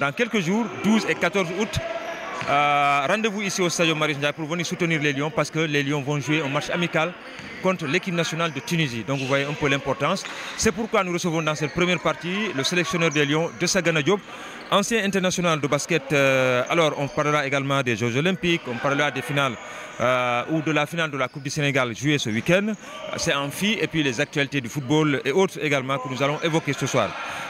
dans quelques jours, 12 et 14 août. Euh, Rendez-vous ici au Stade Marius Ndiaye pour venir soutenir les Lions parce que les Lions vont jouer un match amical contre l'équipe nationale de Tunisie. Donc vous voyez un peu l'importance. C'est pourquoi nous recevons dans cette première partie le sélectionneur des Lions, Dessagana Diop, ancien international de basket. Euh, on parlera également des Jeux Olympiques, on parlera des finales euh, ou de la Coupe du Sénégal jouée ce week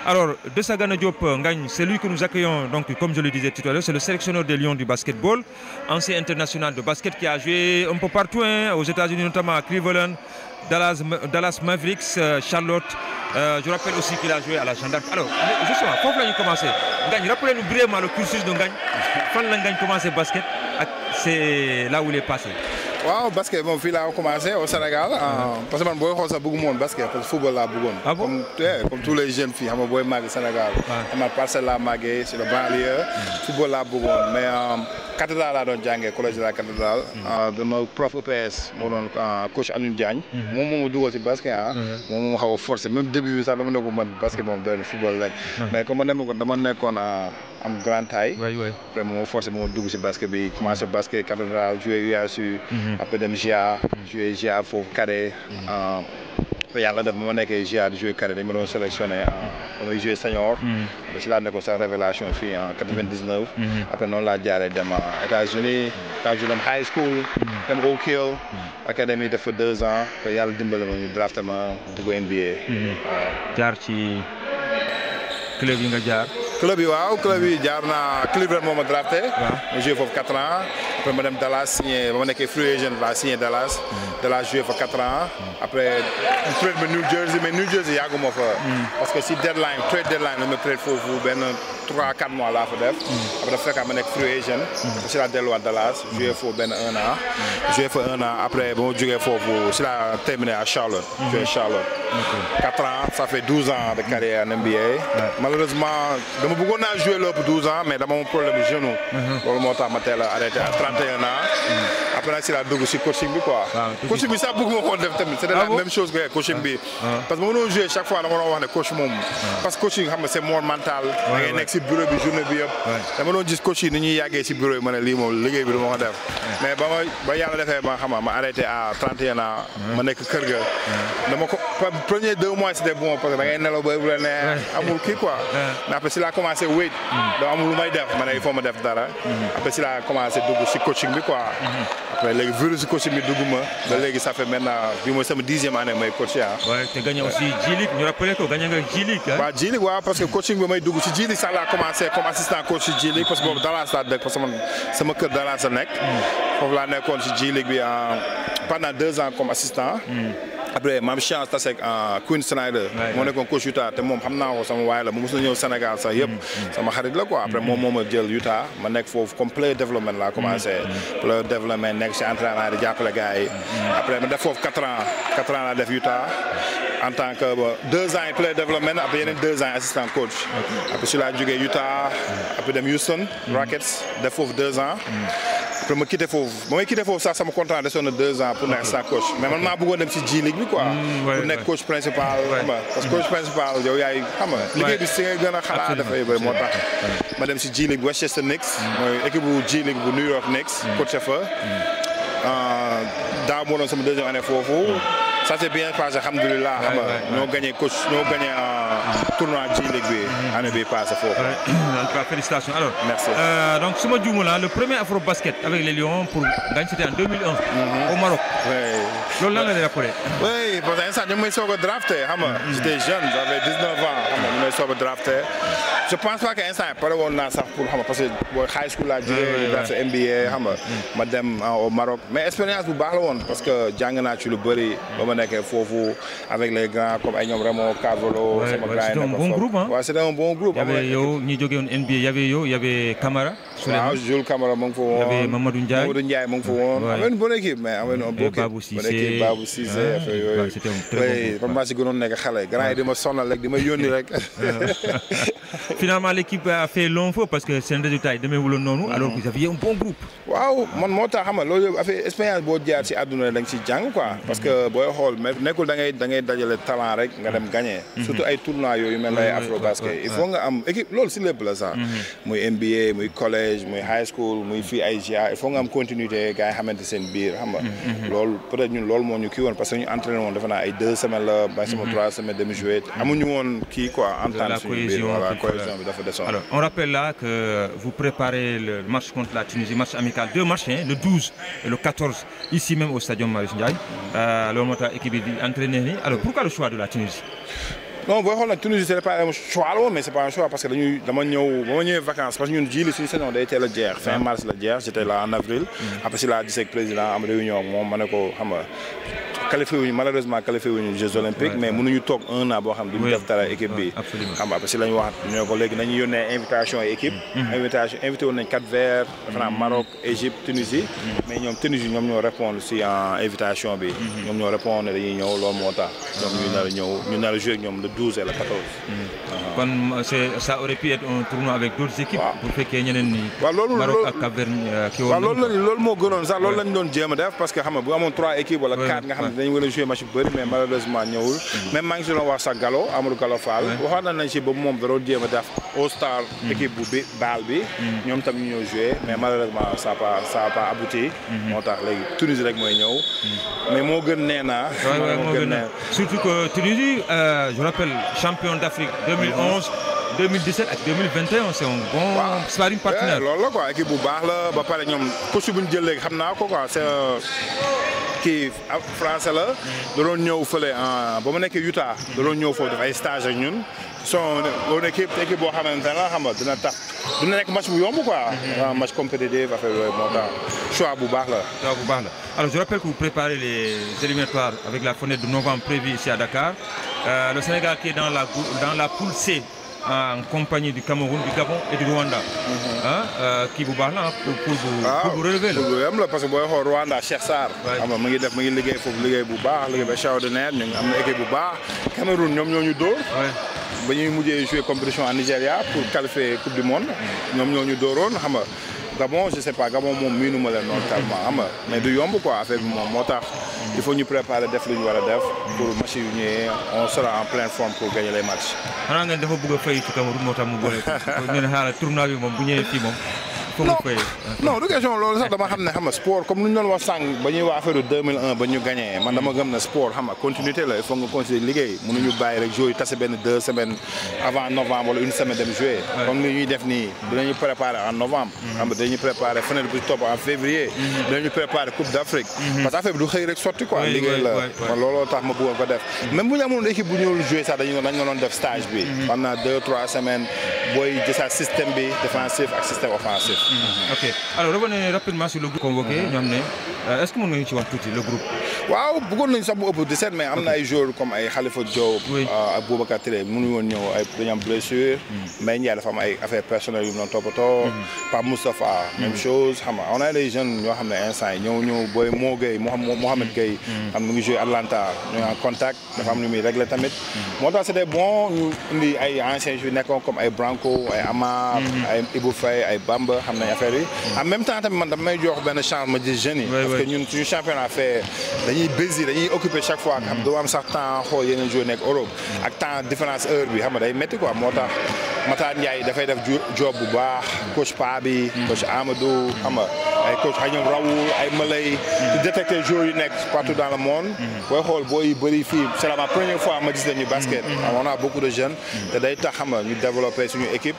Alors, de Sagana Diop euh, Ngagne, c'est lui que nous accueillons, donc, comme je le disais tout à l'heure, c'est le sélectionneur des Lions du basketball, ancien international de basket qui a joué un peu partout, hein, aux États-Unis notamment à Cleveland, Dallas, Dallas euh, Charlotte. Euh, je rappelle aussi qu'il a joué à la gendarme. Alors, justement, comment a commencé Ngagne, rappelez-nous brièvement le cursus de Ngagne. Quand Ngagne commence basket, c'est là où il est waaw basket moom fii laa commencé au Sénégal. parce que man booy xool sax bëgguma woon basket football laa bëggoon. Ah comme tous les jeunes fii xam nga booy màgg Sénégal. waaw man parcelle laa màggee sur le banlieue. football laa bëggoon mais euh, cathédrale laa doon jàngee collège de la cathédrale. dama mm. euh, prof EPS moo doon euh, coach Alioune Diagne. Mm-hmm. moom moom ma dugal si basket ah. Mm-hmm. moom moom xaw a forcé même sax dama ne ko man basket moom doon football lañ. Mm-hmm. mais comme ma nekkoon am grande taille. waay waay après moom forcé ma bi commencé basket après dem GA. joué GA foofu carré. yàlla def ba ma nekkee GA di joué carré dañ ma doon sélectionné en ba may joué senior. ba si laa nekkoon sax révélation fii en quatre vingt dix neuf. après noonu laa jaaree high school. dem hmm. Oak Hill. académie deux ans que yàlla dimbali ma ñu drafté ma dugg NBA. club yi waaw club yi jaar naa Cleveland moo ma drafté. waaw joué foofu 4 après ma dem Dallas signé ba ma nekkee Free Agent laa signé Dallas. Mm. Dallas joué fa 4 ans. Mm. après mu trade ma New Jersey mais New Jersey yàggu mm. si deadline trade la ma benn 3 4 mois laa fa def. après dafa ma nekk Free Agent. si laa delluwaat Dallas. joué foofu benn an. an après ba ma foofu si la terminé à Charlotte. joué Charlotte. 4 ans ça fait 12 ans de carrière malheureusement dama bëggoon naa jouer lépp 12 ans mais dama am problème mu genou. Mhm. moo tax ma teel a arrêté à 31 ans. Mhm. après nag si laa dugg si coaching bi quoi. Ah, coaching bi sax bëgg ma ko def tamit. c' ah la même chose que coaching bi. Ah. parce que ma doon jouer chaque fois moom. parce que coaching xam nga c' est nekk si bureau bi journée bi yëpp. dama doon gis coach yi ñuy yàggee si bureau ma ne lii moom liggéey bi du ma ko premier deux mois c'était bon parce que da ngay amul kii quoi. mais après si laa commencé wéet. Mm-hmm. donc amul may def ma ne il faut ma def dara. Mm-hmm. après si laa commencé dugg si coaching bi quoi. Mm-hmm. après léegi virus si coaching bi dugg ma ba léegi sa fait maintenant bi mooy sama dixième année may coacher ah. waaw te gagné aussi Jilig ñu rappelé ko gagné nga Jilig ah. waaw Jilig waaw parce que coaching bi may dugg si Jilig sax laa commencé comme assistant coach si Jilig parce que boobu Dallas laa mm. nekkoon si Jilig bi ah, pendant deux ans comme assistant. Mm. après ma am chance tase Queen Snyder. moo nekkoon coach Utah te moom xam naa ko sama waay la mu mos na ñëw Sénégal sax yëpp. Mm, mm. sama xarit la quoi après moom moo ma jël Utah ma nekk foofu comme player development laa commencé. Mm, player development nekk si entraînement di jàppale gars après ma def foofu quatre ans quatre ans laa def Utah en tant que deux ans player development après yeneen deux ans assistant coach. après su laa jógee Utah après dem Houston. Rockets def foofu deux ans. après ma quitté foofu moo may quitté sax sama contrat desoon na deux ans pour nekk sa coach mais man maa bëggoon dem G League bi quoi. Mm, pour nekk coach principal. xam nga parce que coach principal yow yaay xam nga. liggéey bi si nga gën a xalaat dafay bëri moo tax. ma dem si G League Westchester Knicks. Mm. mooy équipe bu G League bu New York Knicks. Mm. coach fa. Ah, daaw moo doon sama deuxième année foofu. ça s'est bien passé alhamdulilah. xam nga ñoo gagné coach ñoo gagné euh, tournoi ci ligue bi. année bi passé foofu. en tout cas félicitations alors. merci euh, donc su ma juumee la ah, le premier afro basket avec les Lions pour Ngagne c'était en 2001. Mm-hmm. au Maroc. loolu lan la lay rappelé. oui parce que instant ñu ngi may soog a drafté xam nga. Mm-hmm. j'étais jeune j'avais 19 ans xam nga ñu may soog a drafté je pense pas que instant yii pare woon naa sax pour xam nga parce que booy high school laa jugee. drafté NBA xam nga. Mm-hmm. ma dem euh, au Maroc mais expérience bu baax la woon parce que jàng naa ci lu bëri. ma foofu avec les grands comme ay ñoom Raymond Carvalho. sama gars yi nekk foofu waaw c' était un bon groupe. am na ñi jógee woon NBA y' avait yow y' avait Camara. waaw Jules Camara mu ngi fa woon Mamadou Ndiaye Mamadou Ndiaye mu ngi fa woon. amoon une bonne équipe mais amoon une bonne équipe. Babou Cissé Babou Cissé affaire yooyu. c'était un très bon match gënoon nekk xale grand yi di ma sonal rek di ma yónni rek. finalement l'équipe a fait long feu parce que seen résultat yi demeewuloon noonu. alors mm. que vous aviez un bon groupe. waaw man moo tax xam nga loolu yëpp affaire expérience boo jaar si àdduna da nga si jàng quoi. parce que mm. booy xool nekkul da ngay da ngay dajale talent rek nga dem mm. gagner. Mm-hmm. surtout ay tournois yooyu mel na ay afro basket. il faut nga am équipe loolu si lépp la sax. Mm-hmm. muy NBA muy collège collège muy high school muy fii ay GA il faut nga am continuité gars yi xamante seen biir xam nga. Mm-hmm, mm-hmm. loolu peut-être ñun loolu moo ñu kii woon parce que ñu entraîné woon defe naa ay deux semaines la. maximum mm-hmm. trois semaines demi joué amuñu woon kii quoi. entente suñu biir voilà cohésion bi dafa desoon. alors on rappelle là que vous préparez la Tunisie match deux matchs le et le 14 ici même au stadium Marius Ndiaye. Euh, loolu moo équipe bi di entraîné pourquoi le choix de la Tunisie. non booy xool nag Tunisie c'est pas un choix la mais c'est pas un choix parce que dañuy dama ñëw ba ma ñëwee vacances parce que ñun jii li suñu saison day teel a jeex fin mars la jeex j'étais là en avril mm. après si laa gisee président am réunion moom ma ne ko xam qualifié malheureusement qualifié Jeux olympiques mais mënuñu toog un an boo xam duñu def dara équipe bi xam nga parce que wax nañu yónnee invitation et équipe mm-hmm. Mm-hmm. invitation invité mm-hmm. ñoom ñoo répondre si en invitation bi ñoom ñoo répondre ne dañuy ñëw moo tax ñu nar a ñoom le 12 et ah. kon euh, c'est ça aurait pu avec d'autres équipes bu fekkee ñeneen ni Maroc ak euh, moo gënoon sax loolu lañ doon jéem def parce que xam bu amoon trois équipes dañ war a joué match bu mais malheureusement ñëwul mhm. même maa ngi si doon wax sax Gallo Amadou Gallo Fall waxoon nañ si ba moom da doon jéem def All mhm. équipe bu baal bi mhm. ñoom tam ñu ñëw joué mais malheureusement sa pas ça pas moo tax léegi Tunisie rek mooy ñëw mais moo gën nee naa moo gën nee surtout que Tunisie euh, je rappelle champion d'Afrique 2011 2017 ak 2021 un bon sparring partenaire la quoi équipe bu baax la ba pare ñoom coach bu ñu jël léegi xam naa ko quoi c'est kii ah, français la da doon ñëw fële ah, ba mu nekkee Utah da doon ñëw foofu def ay stage ak ñun son on équipe équipe boo xamante ne la xam nga dina tax dina nekk match bu yomb quoi waaw mhm. ah, match compétitif affaire yooyu moo tax choix bu baax la choix bu baax la alors je rappelle que vous préparez les éliminatoires avec la fenêtre de novembre prévue ici à Dakar euh, le Sénégal qui est dans la dans la poule C en compagnie di Cameroun, du Gabon et du Rwanda. Mhm. Euh, kii bu baax la pour pour ah, pour relever la. waaw am la parce que booy xool Rwanda Cheikh Sarr. xam nga ngi def mu ngi liggéey foofu liggéey bu baax liggéey ba extraordinaire ñu ngi am na équipe bu baax. Cameroun ñoom ñoo ñu dóor. ba ñuy mujjee jouer compétition en Nigéria pour qualifier coupe du monde. ñoom ñoo ñu dóoroon xam nga. Gabon je sais pas Gabon moom miinuma leen noonu tellement xam nga mais du yomb quoi affaire bi moom moo tax il faut ñu préparer def lu ñu war a def pour match yu ñëwee on sera en pleine forme pour gagner les xanaa ngeen dafa bëgg a fay ci Cameroun moo tax mu boole ko ñu ne xaaral bi moom bu ñëwee fii moom. non non loolu sax dama xam ne xam nga sport comme lu ñu doon wax sànq ba ñuy wax affaire 2001 ba ñu gagné man dama gëm ne sport xam nga continuité la il faut nga continuer liggéey mënuñu bàyyi rek jouer tase benn deux avant novembre wala une semaine dem jouer comme li ñuy def nii dinañu préparer en novembre mm-hmm. xam nga dinañu préparer fenêtre bu topp en février mm-hmm. dinañu préparer coupe d'Afrique mm-hmm. parce que affaire bi du xëy rek sotti quoi liggéey la ma bëggoon Mm-hmm. ok alors revenez rapidement sur le groupe convoqué mm-hmm. ñoo xam ne euh, est-ce que mën nga ñu ci wax tuuti le groupe waaw bëggoon nañ sax mu ëpp di seet mais am na ay joueurs comme ay Khalifa Diop euh, ak Boubacar Touré mënu woon ñëw ay dañu am blessure mm-hmm. mais Ndiaye dafa am ay affaires personnelles yu mu doon toppatoo Pape Moustapha même chose xam nga on a des jeunes ñoo xam ne instant yi ñëw ñëw booy Mo Gueye Mohamed Gueye xam mu ngi joué Atlanta ñu en contact dafa am lu muy réglé tamit moo tax c'était bon ñu indi ay anciens joueurs nekkoon comme ay Branco ay Amar ay Ibou Faye ay Bamba xam nañ affaire yi. Mm. même temps tamit man dama jox benn chance ma gis jeunes yi. suñu championnat fait dañuy busy dañuy occupé chaque fois. am mm. doo am sax temps xool yeneen joueurs nekk Europe. Mm. ak temps différence heure bi xam day métti quoi moo tax Matar Ndiaye dafay def job bu baax. coach Pa bi. coach Amadou xam nga ay coach ay ñoom rawu ay malay di détecter joueurs yu nekk partout dans le monde. booy xool booy yu bëri fii c'est la première fois ma gis nañu basket. on a beaucoup de jeunes. te day tax xam nga ñu développer suñu équipe.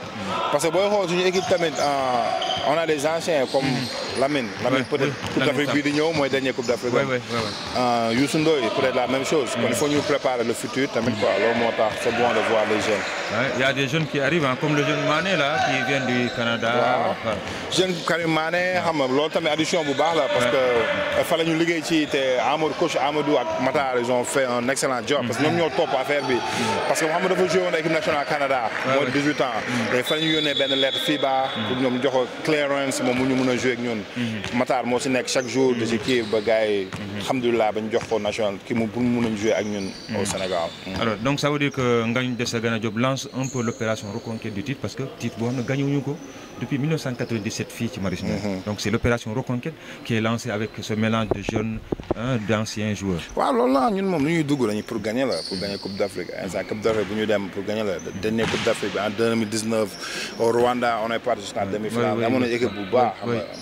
on a des anciens comme hmm. Lamine. Lamine peut être Coupe d' Afrique bii di mooy dernier Coupe d' Afrique. oui peut être la même chose. kon il faut ñu préparer le futur tamit quoi loolu moo tax c' est bon de voir le jeune qui vient du Canada. jeune Karim Mané xam nga loolu tamit addition bu baax la. parce que fa la ñu liggéey ci te Amadou coach Amadou ak Matar ils ont fait un excellent job. parce que ñoom ñoo topp affaire bi. Mm. parce que Mouhamadou dafa joué woon équipe nationale Canada. mooy 18 ans. Mm. te fa la ñu yónnee benn lettre FIBA. Mm. pour ñoom jox ko clearance moom a joué Mm-hmm. Matar moo si nekk chaque jour. di si kii ba gars yi. Mm-hmm. alhamdulilah bañ jox ko national ki mu pour mu mën a jouer ak ñun. au mm-hmm. Sénégal. alors donc ça veut dire que Ngagne Desagana Diop lance un peu l' opération reconquête du titre parce que titre boo xam ne gagné ko. depuis fii ci Maristes mhm. donc c'est l'opération Reconquête qui est lancée avec ce mélange de jeunes d'anciens joueurs waaw loolu la ñun moom lu ñuy dugg lañu pour gagner la pour gagner Coupe d'Afrique instant Coupe d'Afrique bu ñu dem pour gagner la dernière Coupe d'Afrique bi en Rwanda on est parti jusqu'en demi-finale amoon nañu équipe bu baax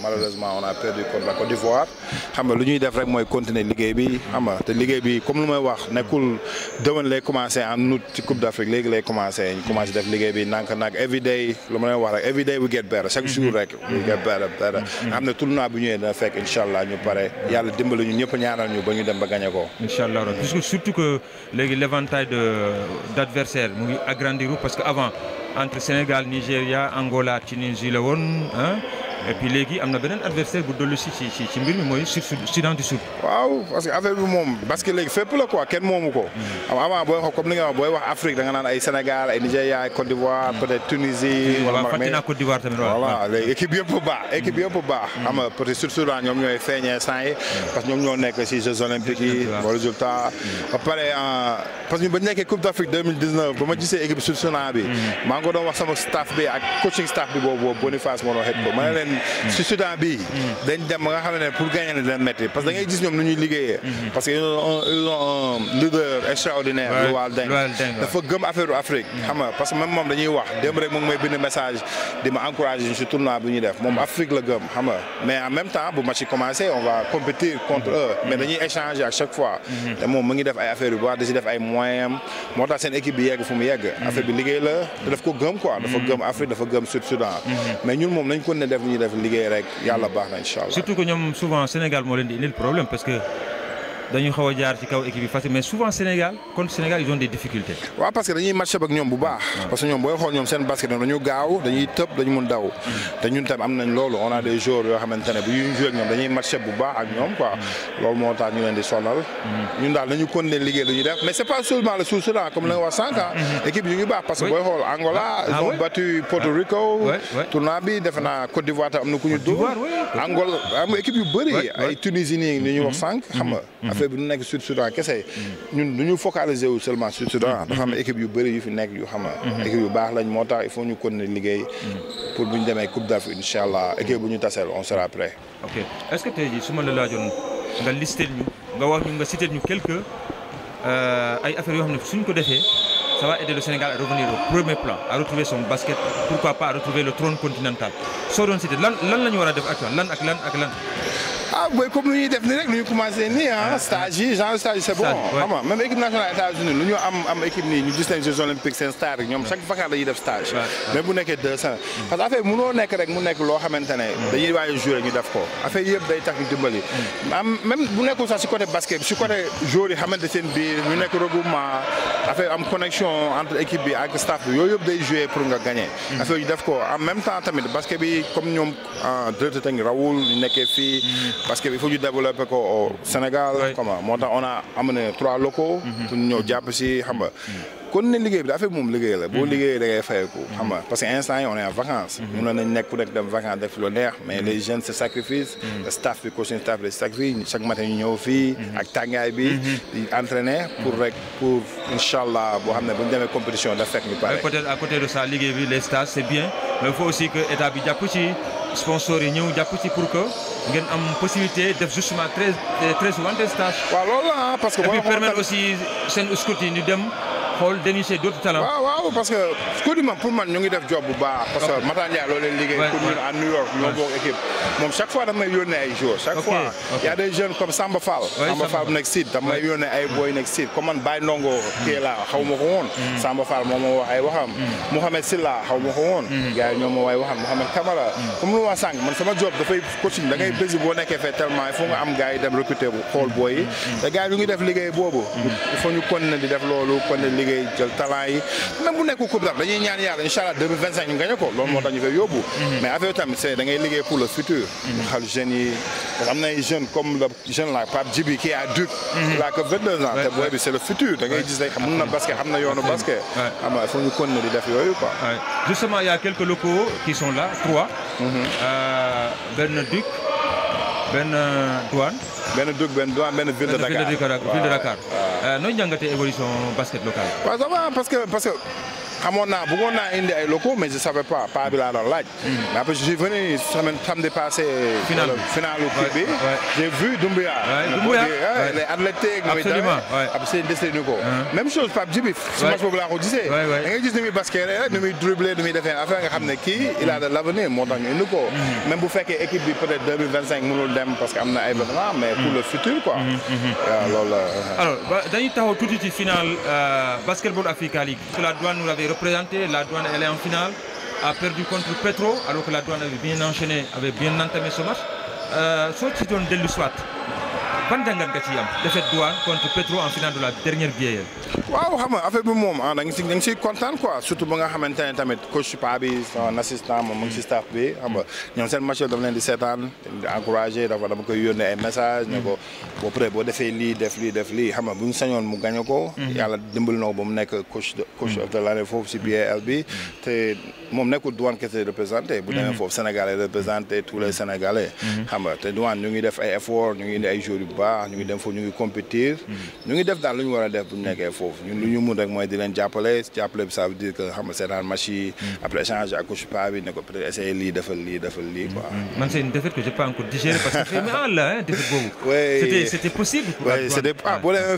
malheureusement on a perdu contre la lu ñuy def rek mooy continuer liggéey bi xam te liggéey bi comme lu may get better chaque jour mm-hmm. rek. we get better better. Mm-hmm. nga xam ne tournoi bu ñëwee dina fekk incha allah ñu pare yàlla dimbali ñu ñëpp ñaanal ñu ba ñu dem ba ko. incha allah surtout que léegi l'éventail de d'adversaire mu ngi agrandir parce que avant entre Sénégal Nigéria Angola Tunisie la woon et léegi am na beneen adversaire bu dolli si ci ci mbir mi mooy sur du Sud. waaw parce que affaire bi moom parce que léegi fépp la quoi kenn moomu ko. am hmm. avant booy wax comme ni nga wax booy wax Afrique da naan ay Sénégal ay Nigéria ay Côte d'Ivoire hmm. peut-être wala waaw fàtte naa d'Ivoire tamit waaw. équipe yëpp baax équipe yëpp hmm. baax. xam nga peut-être ñoom ñooy feeñee sang parce que ñoom ñoo nekk si Jeux Olympiques yi. résultat pare euh, parce que ba ni si Soudan bii dañ dem nga xam ne pour gagner dina métti parce que da ngay gis ñoom nu ñuy liggéeyee parce que ils ont un leader extraordinaire lu waal Deng dafa gëm affaire Afrique mm. xam nga parce que même moom dañuy wax démb rek mu ngi may bind message di ma encourager si tournoi bi ñuy def moom Afrique la gëm xam nga mais en même temps bu match yi commencé on va compétir contre mm. eux mais dañuy échanger à chaque fois mm-hmm. te moom mu ngi def ay affaire yu baax da si def ay moyens moo tax seen équipe bi yegg fu mu yegg mm-hmm. affaire bi liggéey la te daf ko gëm quoi dafa mm-hmm. gëm Afrique dafa gëm Sud Soudan mais ñun moom nañ ko ne def li ñuy def liggéey rek yàlla baax na incha allah. surtout que ñoom souvent Sénégal moo leen di indil problème parce que dañu xaw a jaar ci kaw équipe yi facile mais souvent Sénégal contre Sénégal ils ont des difficultés. parce que dañuy match ak ñoom bu baax. parce que ñoom booy xool ñoom seen basket dañu gaaw dañuy tëb dañu mun daw. te ñun tam am nañ loolu on a des yoo xamante ne bu ñuy joué ak ñoom dañuy match bu baax ak ñoom quoi. Mm. loolu moo tax ñu leen sonal. Mm. ñun daal nañu continuer liggéey lu def mais c' pas seulement la nga wax sànq mm-hmm. ah. ñu baax parce que booy xool ah, ah, na ku ñu dóor. Angola am équipe yu bëri ay ñu wax mm-hmm. sànq affaire bi du nekk Sud Soudan kese. ñun ñu focaliser wu seulement Sud Soudan. dafa am équipe yu bëri yu fi nekk yu xam ne. équipe yu baax lañ moo tax il faut ñu continuer liggéey. pour bu ñu taseel on sera prêt. ok est-ce que tey jii su ma la nga listé ñu nga wax ñu nga cité ñu euh, ay affaires yoo xam ne suñ ko defee. ça va aider le Sénégal à revenir au premier plan à retrouver son basket pourquoi pas à retrouver le trône continental soo doon cité lan lan la ñu war a def ak lan ak lan ak ah comme lu ñuy def nii rek lu ñu commencé nii ah, ah stage ah. yi genre stage bon xam nga même équipe nationale états ñu am am équipe nii ñu gis nañ Jeux olympiques seen star yi ñoom chaque vacances dañuy def stage mais bu nekkee deux semaines mm. parce nekk rek mu nekk loo xamante ne mm. dañuy waaye jouer ñu def ko affaire yëpp day tax ñu dimbali mm. am bu nekkul sax si côté basket si côté joueurs yi xamante seen biir ñu nekk regroupement am connexion entre équipe bi ak staff bi yooyu yëpp day jouer pour nga gagner affaire ñu def ko en même temps tamit basket bi comme ñoom ah, directeur tang rawul ñu nekkee parce que il faut ñu développer ko au Sénégal. comment moo tax on a amené trois locaux. Mhm. pour ñu ñëw jàpp si xam nga. Mhm. kon ne liggéey bi affaire bi moom liggéey la boo mhm. liggéeyee da ngay fayeku mhm. xam parce que instant yi on en vacances mhm. mun nañ nekk ku nekk dem vacances def lu mais les jeunes se sacrifient staff bi coaching staff bi sacrifie chaque matin ñu ñëw fii ak tàngaay bi di pour rek pour incha boo xam ne bu ñu demee compétition daf fekk ñu pare peut-être côté de ça liggéey bi les stages c'est bien mais il aussi que état bi jàpp ci sponsors yi ñëw jàpp ci pour que ngeen am possibilité def justement très très souvent xool dénicher d'autres talents. waaw waaw parce que Coupe du man ñu ngi def job bu baax. parce que Matar loolu leen liggéey. New York ñoo bokk équipe. moom chaque fois damay yónnee ay joueurs. chaque fois y a des jeunes Samba Fall. Samba Fall nekk Side damay yónnee ay boy nekk Side comme man Baye Ndongo. kii mm. xaw ma ko woon. Mm. Samba Fall moom wax ay waxam. Mm. Mouhamed Silla xaw ma ko woon. gars ñoom wax ay waxam Mouhamed Camara. comme lu ma sànq man sama job dafay coaching da ngay bés boo ñu ngi def di def liggéey jël talent yi même bu ñaan yàlla incha allah 2025 ñu gagné ko loolu moo tax ñu fay yóbbu mhm. pour le futur mhm. xal jeunes yi am na ay jeunes comme le jeune là Pape mhm. a ans te booy c'est le futur da ngay gis rek mën na basket xam basket xam nga il faut ñu continuer di def quelques locaux qui sont là trois euh, benn benn euh, douane. benn dug benn douane benn Dakar benn Dakar. Euh, noo jàngatee évolution basket locale. waaw xamoon naa bëggoon naa indi ay locaux mais je savais pas pas bi hmm. mais je suis venu semaine samedi passé. final euh, bi finalu kii vu Doumbouya. waay Doumbouya waay les athlétiques. absolument chose Pape Djibi. waay su eh, hmm. bu fekkee équipe bi peut-être deux mille vingt cinq mënul dem mais hmm. pour le futur quoi. waaw loolu la. alors dañuy final euh, Basketball Africa League. la douane nous l'avait représenté, la douane elle est en finale, a perdu contre Petro, alors que la douane avait bien enchaîné, avait bien entamé ce match. Euh, soit tu donnes de l'USWAT, ban jàngat nga ciy am défaite douane contre Petro en finale de la dernière bière. waaw xam nga affaire bi moom ah da nga si da nga siy kontaan surtout ba nga xamante ne tamit coach Pa bi son mm. seen match daf leen di seetaan di encouragé dafa koy yónnee ay message ne mm. boo paree boo defee lii def lii def lii xam nga bu mu gagné ko. Mm-hmm. yàlla dimbali na ba mu nekk coach de coach mm. de l'année foofu si BAL bi te. moom nekkul douane kese représenté bu demee mhm. foofu sénégalais représenté tous les mhm. sénégalais mhm. xam nga te douane ñu ngi def ay effort ñu ngi indi ay joueurs baax ñu ngi def daal lu ñu war a def bu ñu nekkee foofu ñun lu ñu mun rek mooy di leen jàppale jàppale bi ça veut dire que xam nga seetaan match yi après échange ak coach pa bi ne ko peut-être essayer lii defal lii defal lii quoi c'est une boobu c'était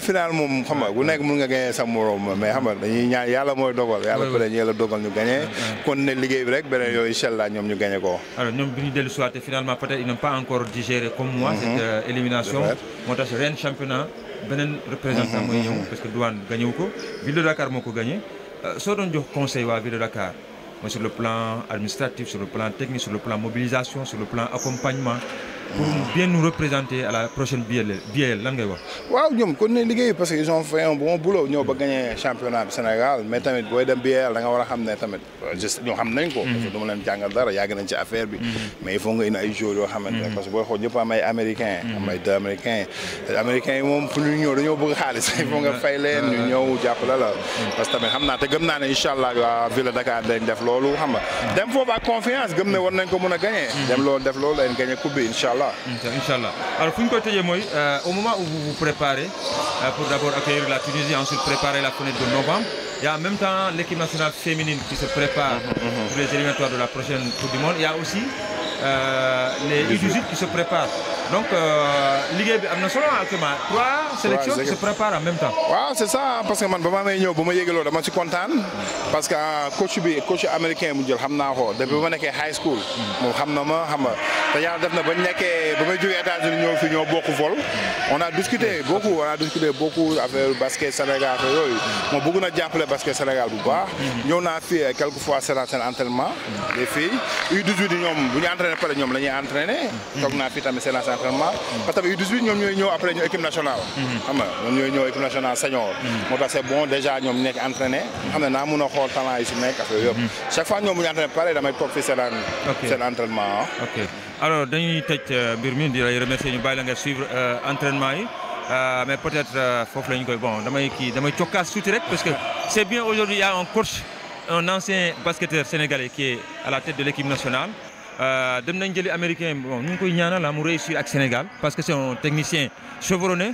final moom xam nga bu nekk mun nga gagner sa morom mais xam nga dañuy ñaan yàlla mooy dogal yàlla la dogal ñu gagner continuer liggéey bi rek beneen yooyu incha allah ñoom ñu gagné ko. alors ñoom bi ñu dellu si waatee finalement peut-être ils n'ont pas encore digéré comme moi. Mhm. Euh, moo tax ren championnat beneen représentant mhm. mooy mhm. ñëw parce que Douane gagné ko. Ville de Dakar moo ko gagné euh, soo doon jox conseil waa Ville de Dakar mooy sur le plan administratif sur le plan technique sur le plan mobilisation sur le plan accompagnement. pour bien nous représenter à la prochaine bielle lan ngay waaw ñoom kon ne liggéey parce que ils ont fait un bon boulot ñëw ba gagné championnat bi Sénégal mais tamit booy dem bielle da nga war a xam ne tamit euh, juste ñoo xam nañ ko. Mhm. parce que du ma leen jàngal dara yàgg nañ ci affaire bi. Mhm. mais il faut nga indi ay joueurs mhm. moom pour ñu ñëw dañoo bëgg xaalis il faut nga fay leen ñu ñëw jàppale la. parce que tamit xam naa te gëm naa a gagné. dem loolu def loolu allah incha allah alors fu ñu koy tëjee mooy euh, au moment où vous préparez euh, pour d'abord accueillir la Tunisie ensuite préparer la fenêtre de novembre il y a en même temps l'équipe nationale féminine qui se prépare mm-hmm, mm-hmm. pour les éliminatoires de la prochaine Coupe du Monde il y a aussi euh, les U18 qui se préparent donc euh, liggéey bi am na solo actuellement trois sélections qui se préparent en même temps. waaw c'est ça parce que man ba ma may ñëw ba ma yégaloo dama ci kontaan. parce que ah, coach bi coach américain mu jël xam naa ko depuis ba ma nekkee high school. moom xam na ma xam nga te yàlla def na ba ñu nekkee ba may jógee États-Unis ñëw fi ñoo bokk vol. on a discuté beaucoup on a discuté beaucoup affaire basket Sénégal te yooyu. moom bëgg na jàppale basket Sénégal bu baax. ñëw naa fi euh, quelques U18 ñoom bu ñu entraîné pare ñoom la ñuy entraîné. toog naa fi tamit d'entraînement. parce que U18 ñoom ñooy ñëw après ñu moo tax bon déjà ñoom nekk entraîné. xam ne naa a xool talent si nekk mhm. chaque fois ñoom bu ñu entraîné pare damay toog fi seen. ok seen ah. dañuy tëj euh, mbir mi di lay remercier ñu bàyyi la nga suivre euh, entraînement yi. Euh, mais peut-être euh, foofu ñu koy damay kii damay cokkaas tuuti rek parce que c'est bien aujourd'hui il y a un coach un ancien basketteur sénégalais qui est à la tête de l'équipe nationale Euh, dem nañ jëli américain bon ñu koy ñaanal ah mu réussir ak Sénégal parce que c'est technicien chevronné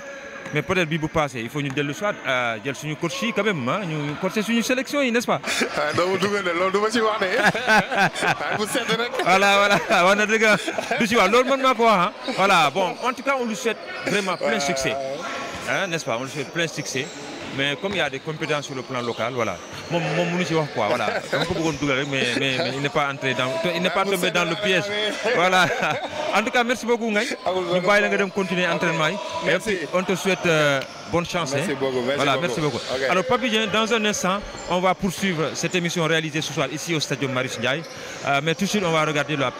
mais peut-être bii bu passé il faut ñu dellu soit euh, jël suñu coach yi quand même ah ñu coacher suñu sélection yi n'est-ce pas. ah doo ma dugal de loolu du ma ci wax de ah bu sedd ah. bon en tout cas on lui souhaite vraiment plein succès ah. nest pas on lui souhaite plein succès. mais comme il y a des compétences sur le plan local voilà moom moom mënu ci wax quoi voilà dama ko bëggoon dugal rek mais mais mais il n'est pas entré dans il n'est pas tombé dans le piège voilà en tout cas merci beaucoup Ngagne ñu bàyyi la nga dem continuer entraînement yi et te souhaite euh, bonne chance merci beaucoup merci voilà alors Pape dans un instant on va poursuivre cette émission réalisée ce soir ici au stade Marius Ndiaye euh, mais tout de on va regarder la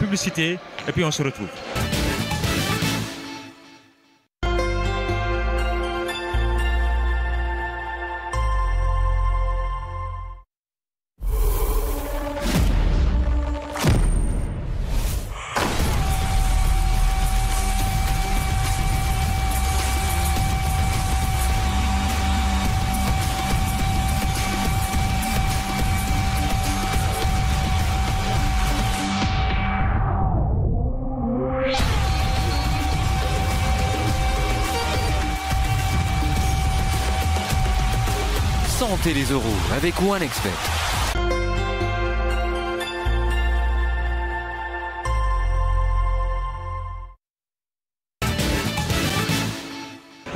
Tentez avec OneXBet.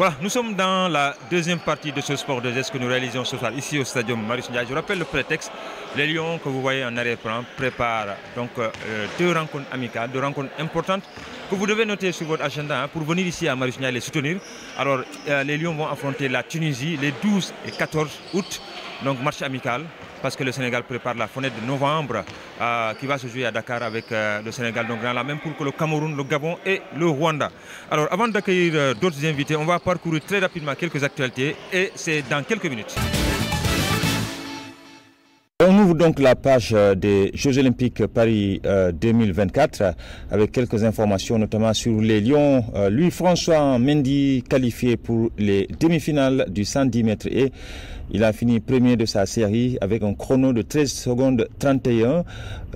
Voilà, nous sommes dans la deuxième partie de ce sport de geste que nous réalisons ce soir ici au Stadium Marius Ndiaye. Je rappelle le prétexte, les Lions que vous voyez en arrière-plan donc euh, deux rencontres amicales, deux rencontres importantes que vous devez noter sur votre agenda pour venir ici à Marius Ndiaye les soutenir. Alors euh, les Lions vont affronter la Tunisie les 12 et 14 août, donc match amical parce que le Sénégal prépare la fenêtre de novembre euh, qui va se jouer à Dakar avec euh, le Sénégal. Donc la même poule que le Cameroun, le Gabon et le Rwanda. Alors avant d'accueillir euh, d'autres invités, on va parcourir très rapidement quelques actualités et c'est dans quelques minutes. On ouvre donc la page des Jeux Olympiques Paris 2024 avec quelques informations notamment sur les Lions. Lui, François Mendy qualifié pour les demi-finales du 110 et Il a fini premier de sa série avec un chrono de 13 secondes 31.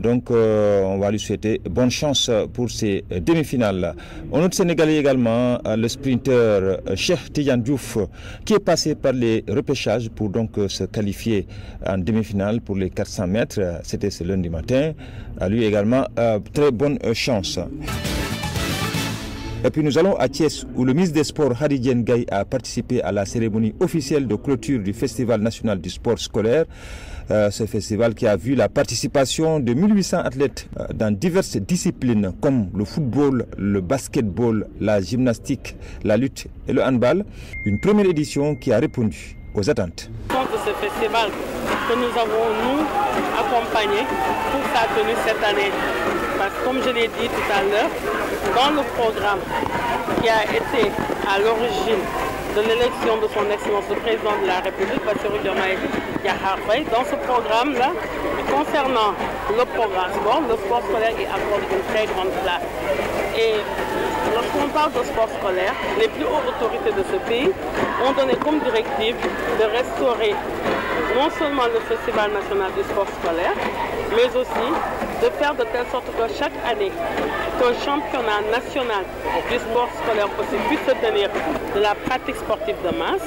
Donc, euh, on va lui souhaiter bonne chance pour ces demi-finales. On note Sénégalais également euh, le sprinter euh, Cheikh Tidian Diouf qui est passé par les repêchages pour donc euh, se qualifier en demi-finale pour les 400 mètres. C'était ce lundi matin. À lui également, euh, très bonne chance. Et puis nous allons à Thiès où le ministre des Sports Hadidien Gaye a participé à la cérémonie officielle de clôture du Festival national du sport scolaire. Euh, ce festival qui a vu la participation de 1800 athlètes euh, dans diverses disciplines comme le football, le basketball, la gymnastique, la lutte et le handball. Une première édition qui a répondu aux attentes. pour ce festival que nous avons nous accompagné pour sa tenue cette année. Parce que comme je l'ai dit tout à l'heure, dans le programme qui a été à l'origine de l'élection de son excellence le président de la République, Bassirou Diomaye Diakhar dans ce programme-là, concernant le programme sport, le sport scolaire y accorde une très grande place. Et lorsqu'on parle de sport scolaire, les plus hautes autorités de ce pays ont donné comme directive de restaurer non seulement le Festival national du sport scolaire, mais aussi de faire de telle sorte que chaque année, qu'un championnat national du sport scolaire possible puisse se tenir de la pratique sportive de masse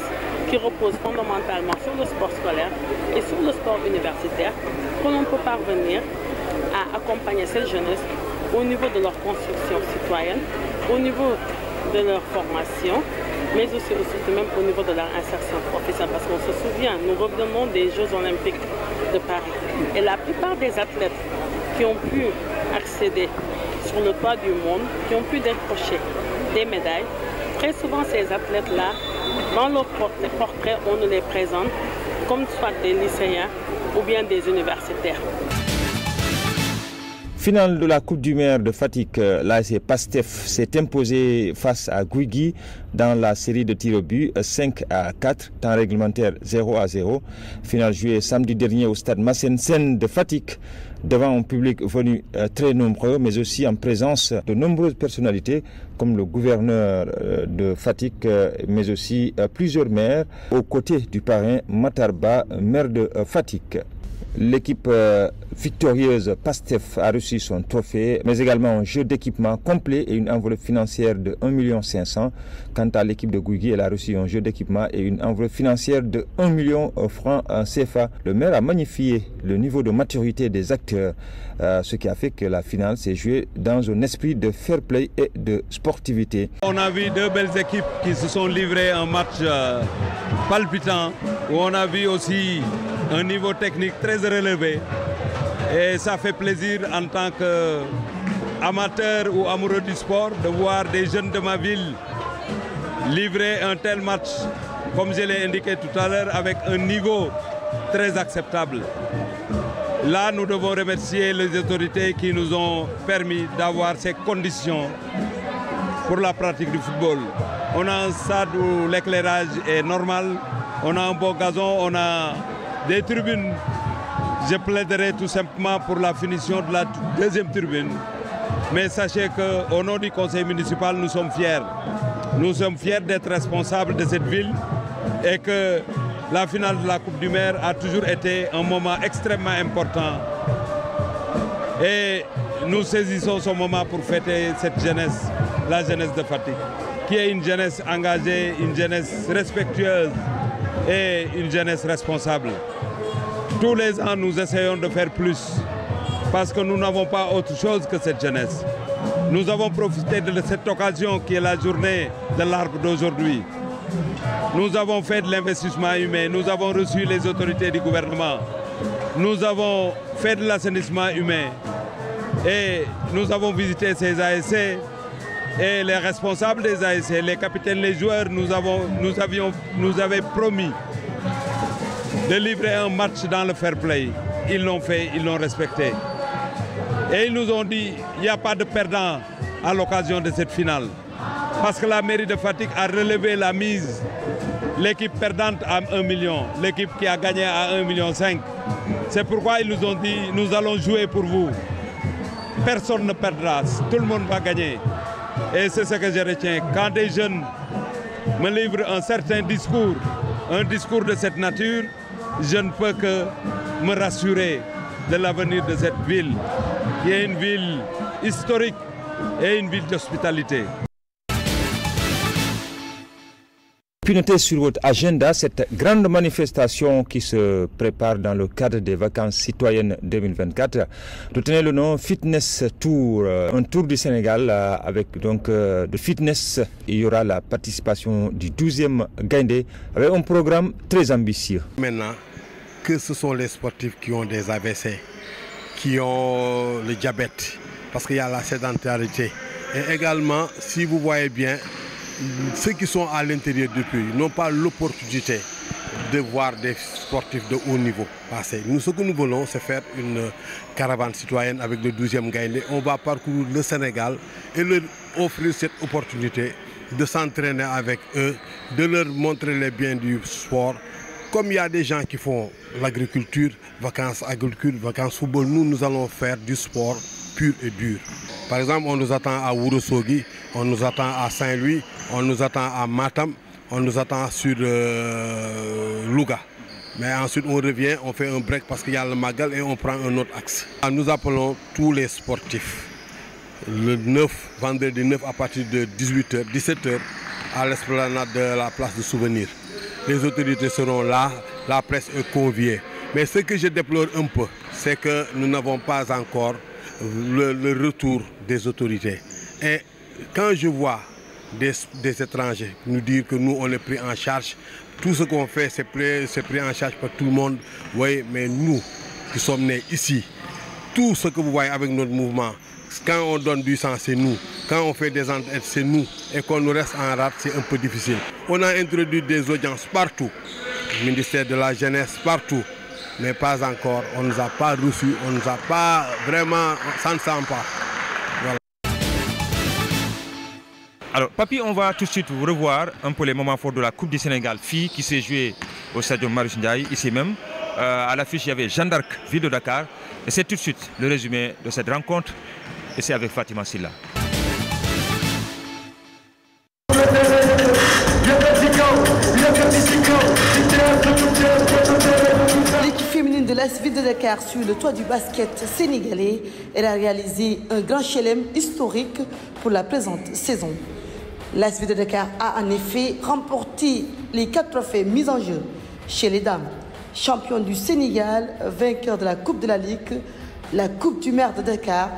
qui repose fondamentalement sur le sport scolaire et sur le sport universitaire, que l'on peut parvenir à accompagner cette jeunesse au niveau de leur construction citoyenne, au niveau de leur formation, mais aussi, aussi tout de même au niveau de leur insertion professionnelle. Parce qu'on se souvient, nous revenons des Jeux olympiques de Paris. Et la plupart des athlètes qui ont pu accéder sur le toit du monde, qui ont pu décrocher des médailles, très souvent ces athlètes-là, dans leur portrait, on nous les présente comme soit des lycéens ou bien des universitaires. Finale de la Coupe du Maire de Fatick, euh, l'ASC PASTEF s'est imposé face à Guigui dans la série de tirs au but 5 euh, à 4, temps réglementaire 0 à 0. Finale jouée samedi dernier au stade Massène Sène de Fatick devant un public venu euh, très nombreux mais aussi en présence de nombreuses personnalités comme le gouverneur de Fatick mais aussi plusieurs maires aux côtés du parrain Matarba, maire de Fatick. L'équipe euh, victorieuse PASTEF a reçu son trophée, mais également un jeu d'équipement complet et une enveloppe financière de 1,5 million. Quant à l'équipe de Guigui, elle a reçu un jeu d'équipement et une enveloppe financière de million euh, francs en CFA. Le maire a magnifié le niveau de maturité des acteurs, euh, ce qui a fait que la finale s'est jouée dans un esprit de fair play et de sportivité. On a vu deux belles équipes qui se sont livrées un match palpitant, où on a vu très relevé et ça fait plaisir en tant qu'amateur ou amoureux du sport de voir des jeunes de ma ville livrer un tel match, comme je l'ai indiqué tout à l'heure, avec un niveau très acceptable. Là, nous devons remercier les autorités qui nous ont permis d'avoir ces conditions pour la pratique du football. On a un stade où l'éclairage est normal, on a un beau gazon, on a des tribunes Je plaiderai tout simplement pour la finition de la deuxième turbine. Mais sachez qu'au nom du conseil municipal, nous sommes fiers. Nous sommes fiers d'être responsables de cette ville et que la finale de la Coupe du Maire a toujours été un moment extrêmement important. Et nous saisissons ce moment pour fêter cette jeunesse, la jeunesse de Fatigue, qui est une jeunesse engagée, une jeunesse respectueuse et une jeunesse responsable. tous les ans, nous essayons de faire plus parce que nous n'avons pas autre chose que cette jeunesse. Nous avons profité de cette occasion qui est la journée de l'arbre d'aujourd'hui. Nous avons fait de l'investissement humain, nous avons reçu les autorités du gouvernement, nous avons fait de l'assainissement humain et nous avons visité ces ASC et les responsables des ASC, les capitaines, les joueurs, nous, avons, nous, avions, nous avaient promis de livrer un match dans le fair play. Ils l'ont fait, ils l'ont respecté. Et ils nous ont dit, il n'y a pas de perdant à l'occasion de cette finale. Parce que la mairie de Fatigue a relevé la mise. L'équipe perdante à un million, l'équipe qui a gagné à 1,5 million. C'est pourquoi ils nous ont dit, nous allons jouer pour vous. Personne ne perdra, tout le monde va gagner. Et c'est ce que je retiens. Quand des jeunes me livrent un certain discours, un discours de cette nature, je ne peux que me rassurer de l'avenir de cette ville, qui est une ville historique et une ville d'hospitalité. Puis notez sur votre agenda cette grande manifestation qui se prépare dans le cadre des vacances citoyennes 2024. Retenez le nom Fitness Tour, euh, un tour du Sénégal euh, avec donc euh, de fitness. Il y aura la participation du 12e avec un programme très ambitieux. Maintenant que les sportifs qui ont des AVC, qui ont le diabète, parce qu'il y a la sédentarité. Et également, si vous voyez bien, ceux qui sont à l'intérieur du pays n'ont pas l'opportunité de voir des sportifs de haut niveau passer. Nous, ce que nous voulons, c'est faire une caravane citoyenne avec le 12e Gaïndé. On va parcourir le Sénégal et leur offrir cette opportunité de s'entraîner avec eux, de leur montrer les biens du sport. Comme il y a des gens qui font l'agriculture, vacances agriculture, vacances football, nous, nous allons faire du sport pure et dure. Par exemple, on nous attend à Wurosogi, on nous à Saint-Louis, on nous à Matam, on nous attend sur euh, Louga. Mais parce qu'il y a on prend un autre axe. Ah, nous appelons tous les sportifs. Le 9, à partir de 18h, 17h, à la place de souvenir. Les autorités seront là, la presse est conviée. Mais ce que je déplore un peu, c'est que pas encore le, le, retour des autorités. Et quand je vois des, des, étrangers nous dire que nous, on est pris en charge, tout ce qu'on fait, c'est pris, pris en charge par tout le monde. Oui, mais nous, qui sommes nés ici, tout ce que vous voyez avec notre mouvement, quand on donne du sang, c'est nous. Quand on fait des enquêtes, c'est nous. Et qu'on nous reste en rate, c'est un peu difficile. On a introduit des audiences partout. Ministère de la Jeunesse, partout. mais pas encore. On ne nous a pas reçus, on ne pas vraiment, ça ne sent pas. Voilà. Alors, Papy, on va tout de suite revoir un peu les moments forts de la Coupe du Sénégal filles qui s'est jouée au stade Marius Ndiaye, ici même. Euh, à l'affiche, il y avait Jeanne d'Arc, ville de Dakar. Et c'est tout de suite le résumé de cette rencontre. Et c'est avec Fatima Dakar sur le toit du basket sénégalais. Elle a réalisé un grand pour la présente saison. L'ASV de Dakar a en les quatre trophées mis en jeu chez les dames. Champion du Sénégal, vainqueur de la Coupe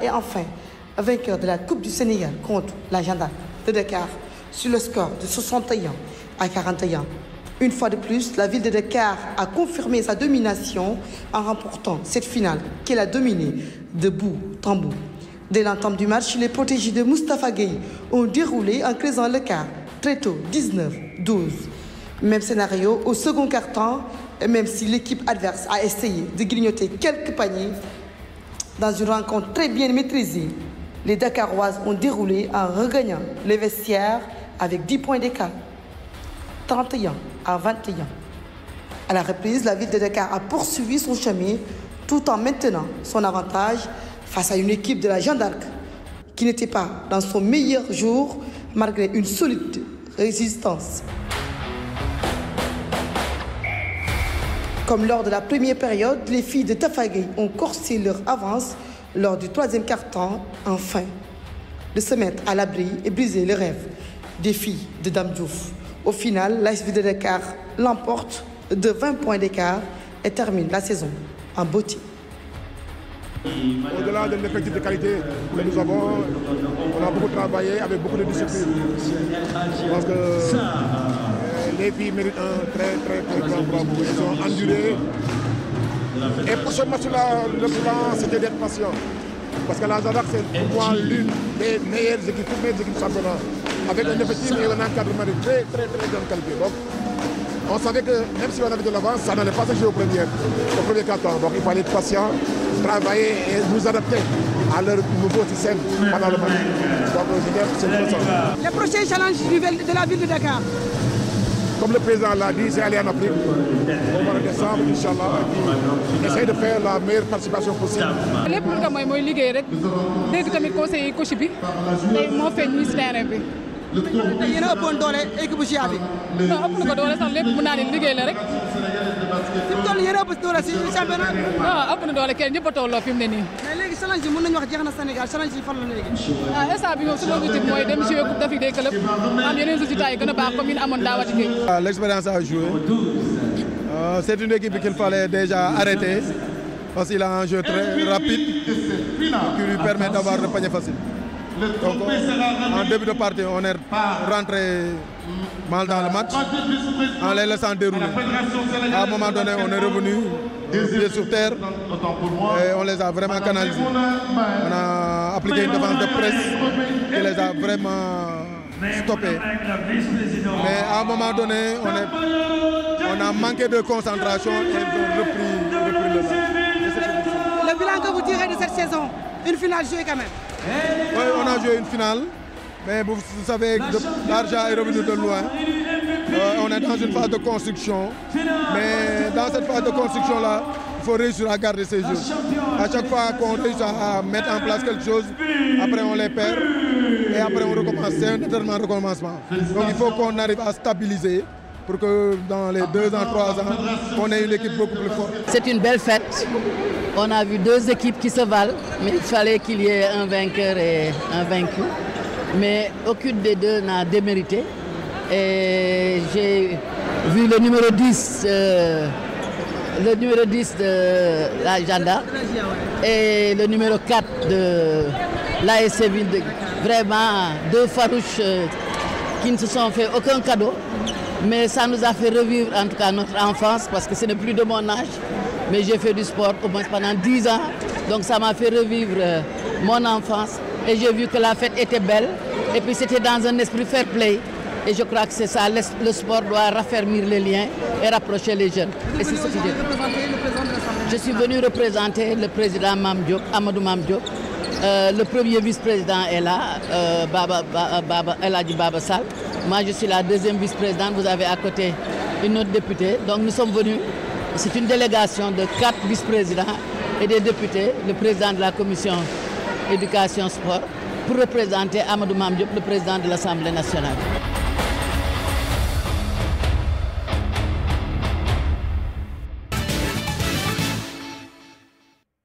et enfin vainqueur de la Coupe du Sénégal contre la Gendarme le score Une fois de plus, la ville a confirmé sa domination en remportant cette finale qu'elle a dominée de bout en bout. Dès l'entame les protégés de Mustafa Gueye ont déroulé en creusant l'écart très tôt, 19 au second quart-temps, même si l'équipe adverse a essayé de grignoter quelques paniers dans très bien maîtrisée. Les Dakaroises ont déroulé en regagnant les vestiaires avec 10 points d'écart. à 21 ans. À la reprise, la ville de Dakar a poursuivi son chemin tout en maintenant son avantage face à une équipe de la Jeanne d'Arc qui n'était pas dans son meilleur jour malgré une solide résistance. Comme lors de la première période, les filles de Tafagé ont corsé leur avance lors du troisième quart-temps, enfin, de se mettre à l'abri et briser le rêve des filles de Dame Diouf. Au final, l'AS de Dakar l'emporte de 20 points d'écart et termine la saison en beauté. Au-delà de l'effectif de qualité que nous avons, on a beaucoup travaillé avec beaucoup de discipline. Je que euh, les filles un très très très grand bravo. Ils ont enduré. Et pour ce match-là, le plan c'était d'être patient. Parce que la Zadak, c'est pour moi l'une des meilleures équipes, meilleures équipes championnat. avec un effectif et un encadrement de très très très grande qualité. Donc, on savait que même si on avait de l'avance, ça n'allait pas se jouer au premier, au premier carton. Donc il fallait être patient, travailler et nous adapter à leur nouveau système pendant le match. Donc c'est le prochain challenge de la ville de Dakar Comme le président l'a dit, c'est aller en Afrique au mois de décembre, Inch'Allah, essayer de faire la meilleure participation possible. lépp lu ko mooy mooy liggéey rek dégg tamit conseil yi coach bi tey moo feeñ ñu si terrain bi. te yéen a ëppoon doole équipe bu Chia bi. non doole sax lépp mën naa leen liggéey la rek. fi mu toll yéen a doole si championnat. non ëpp na doole kenn ñëpp a tolloo fi ne nii. mais léegi challenge yi mën nañu wax na Sénégal challenge yi fan ah, mooy dem jouer coupe d'Afrique des clubs am yeneen résultats yi gën a baax comme amoon daawati géej. ah l'expérience a joué euh, c'est une équipe qu'il fallait déjà arrêter parce qu'il a un jeu très rapide qui lui permet d'avoir le panier facile. Donc, en début de partie, on est rentré mal dans le match, en les laissant dérouler. À moment donné, on est revenu, pieds sur terre, et on les a vraiment canalisés. On a appliqué une défense de presse et les a vraiment stoppés. Mais à moment donné, on, a manqué de concentration et ils ont repris, repris le match. bilan que vous tirez de cette saison Une finale jouée quand même. Oui, on a joué une finale. Mais vous, vous savez que l'argent est revenu de loin. Euh, on est dans une phase de construction. Mais dans cette phase de construction-là, il faut réussir à garder ses jeux. À chaque fois qu'on réussit à mettre en place quelque chose, après on les perd. Et après on recommence. C'est un éternel recommencement. Donc il faut qu'on arrive à stabiliser pour que dans les deux ans, trois ans, on ait une équipe beaucoup plus forte. C'est une belle fête. On a vu deux équipes qui se valent, mais il fallait qu'il y ait un vainqueur et un vaincu. Mais aucune des deux n'a démérité. Et j'ai vu le numéro 10, euh, de la Janda et le numéro de l'ASC Ville. Vraiment, deux farouches euh, qui ne se sont fait aucun cadeau. Mais ça nous a fait revivre en tout cas notre enfance parce que ce n'est plus de mon âge. mais j'ai fait du sport au moins pendant dix ans donc ça m'a fait revivre euh, mon enfance et j'ai vu que la fête était belle et puis c'était dans un esprit fair play et je crois que c'est ça le sport doit raffermir les liens et rapprocher les jeunes et c'est ce que j'ai je suis venu représenter le président mam Diop Amadou Mame Diop euh, le premier vice-président est là euh, Baba Baba El Baba Sall moi je suis la deuxième vice-présidente vous avez à côté une autre députée donc nous sommes C'est une délégation de quatre vice-présidents et des députés, le président de la commission éducation-sport, pour représenter Amadou Mamdiop, le président de l'Assemblée nationale.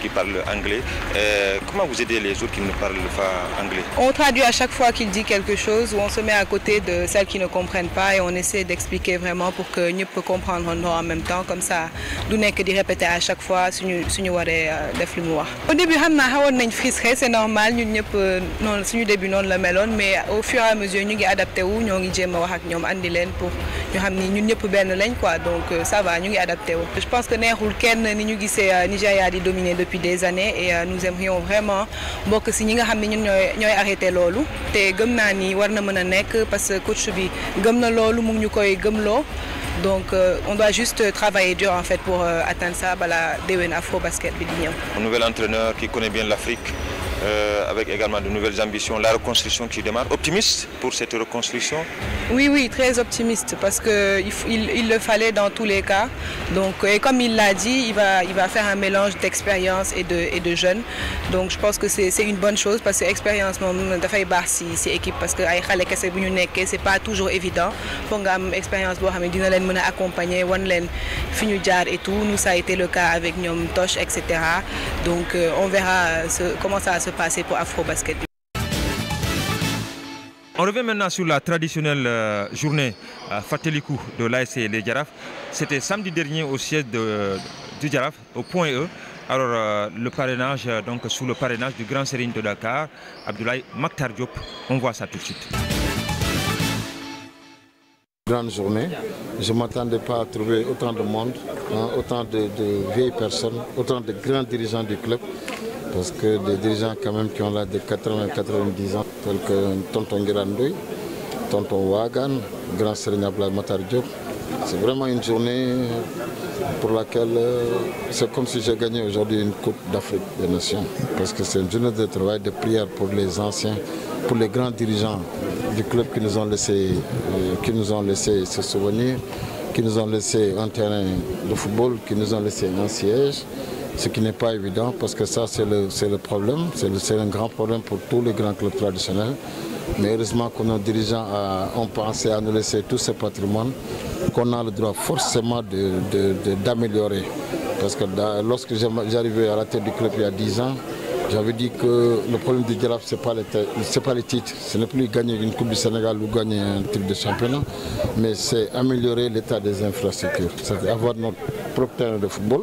qui a anglais. Euh, comment vous aidez les autres qui ne parlent pas anglais On traduit à chaque fois qu'il dit quelque chose ou on se met à côté de celles qui ne comprennent pas et on essaie d'expliquer vraiment pour que ñëpp comprendre noo en même temps comme ça du nekk di répéter à chaque fois suñu suñu waree euh, def li mu wax. Euh, noonu suñu début noonu mais au fur et à mesure ñu ngi adapté wu ñoo ngi jéem a wax ak ñoom andi leen pour ñu xam ni ñun ñëpp benn lañ quoi donc euh, ça va ñu ngi adapté wu. je pense depuis des années et euh, nous aimerions vraiment bokk si ñi nga xam ne ñun ñooy ñooy arrêté loolu te gëm na ni war na mën a nekk parce que coach bi gëm na loolu moom ngi ñu koy loo donc euh, on doit juste travailler dur en fait pour euh, atteindre ça bala déwén afro basket bi di ñëw. l'Afrique euh, avec également de nouvelles ambitions, la reconstruction qui démarre. Optimiste pour cette reconstruction Oui, très optimiste parce qu'il le fallait dans tous les cas. et comme il l'a dit, il va, faire un mélange d'expérience et de, jeunes. Donc je pense que c'est une bonne chose parce que l'expérience, dafay baax si si équipe parce que ay expérience boo xam ne dina leen mën a et tout nous a été le cas avec ñoom Toch et cetera donc euh, on verra euh, ce, comment ça se passer pour Afrobasket. On revient maintenant sur la traditionnelle euh, journée euh, Fatelikou de l'ASC Les Girafes. C'était samedi dernier au siège de, du Giraffe, au point E. Alors, euh, le parrainage, euh, donc sous le parrainage du grand sérigne de Dakar, Abdoulaye Maktar Diop, on voit ça tout de suite. Grande journée, je m'attendais pas à trouver autant de monde, autant de, de vieilles personnes, autant de grands dirigeants du club. Parce que des dirigeants quand même qui ont là des 80-90 ans, tels que Tonton Girandoui, Tonton Wagan, Grand Serena Matar Diop, c'est vraiment une journée pour laquelle euh, c'est comme si j'ai gagné aujourd'hui une Coupe d'Afrique des Nations. Parce que c'est une journée de travail, de prière pour les anciens, pour les grands dirigeants du club qui nous ont laissé, euh, qui nous ont laissé ce souvenir, qui nous ont laissé un terrain de football, qui nous ont laissé un siège. ce qui n'est pas évident parce que ça c'est le, c'est le problème, c'est un grand problème pour tous les grands clubs traditionnels. Mais heureusement que nos dirigeants euh, ont pensé à nous laisser tout ce patrimoine qu'on a le droit forcément d'améliorer. De, de, de, parce que dans, lorsque j'arrivais à la tête du club il y a 10 ans, j'avais dit que le problème du Giraffe, ce n'est pas, pas, les titres. Ce n'est plus gagner une Coupe du Sénégal ou gagner un titre de championnat, mais c'est améliorer l'état des infrastructures. C'est avoir notre propre terrain de football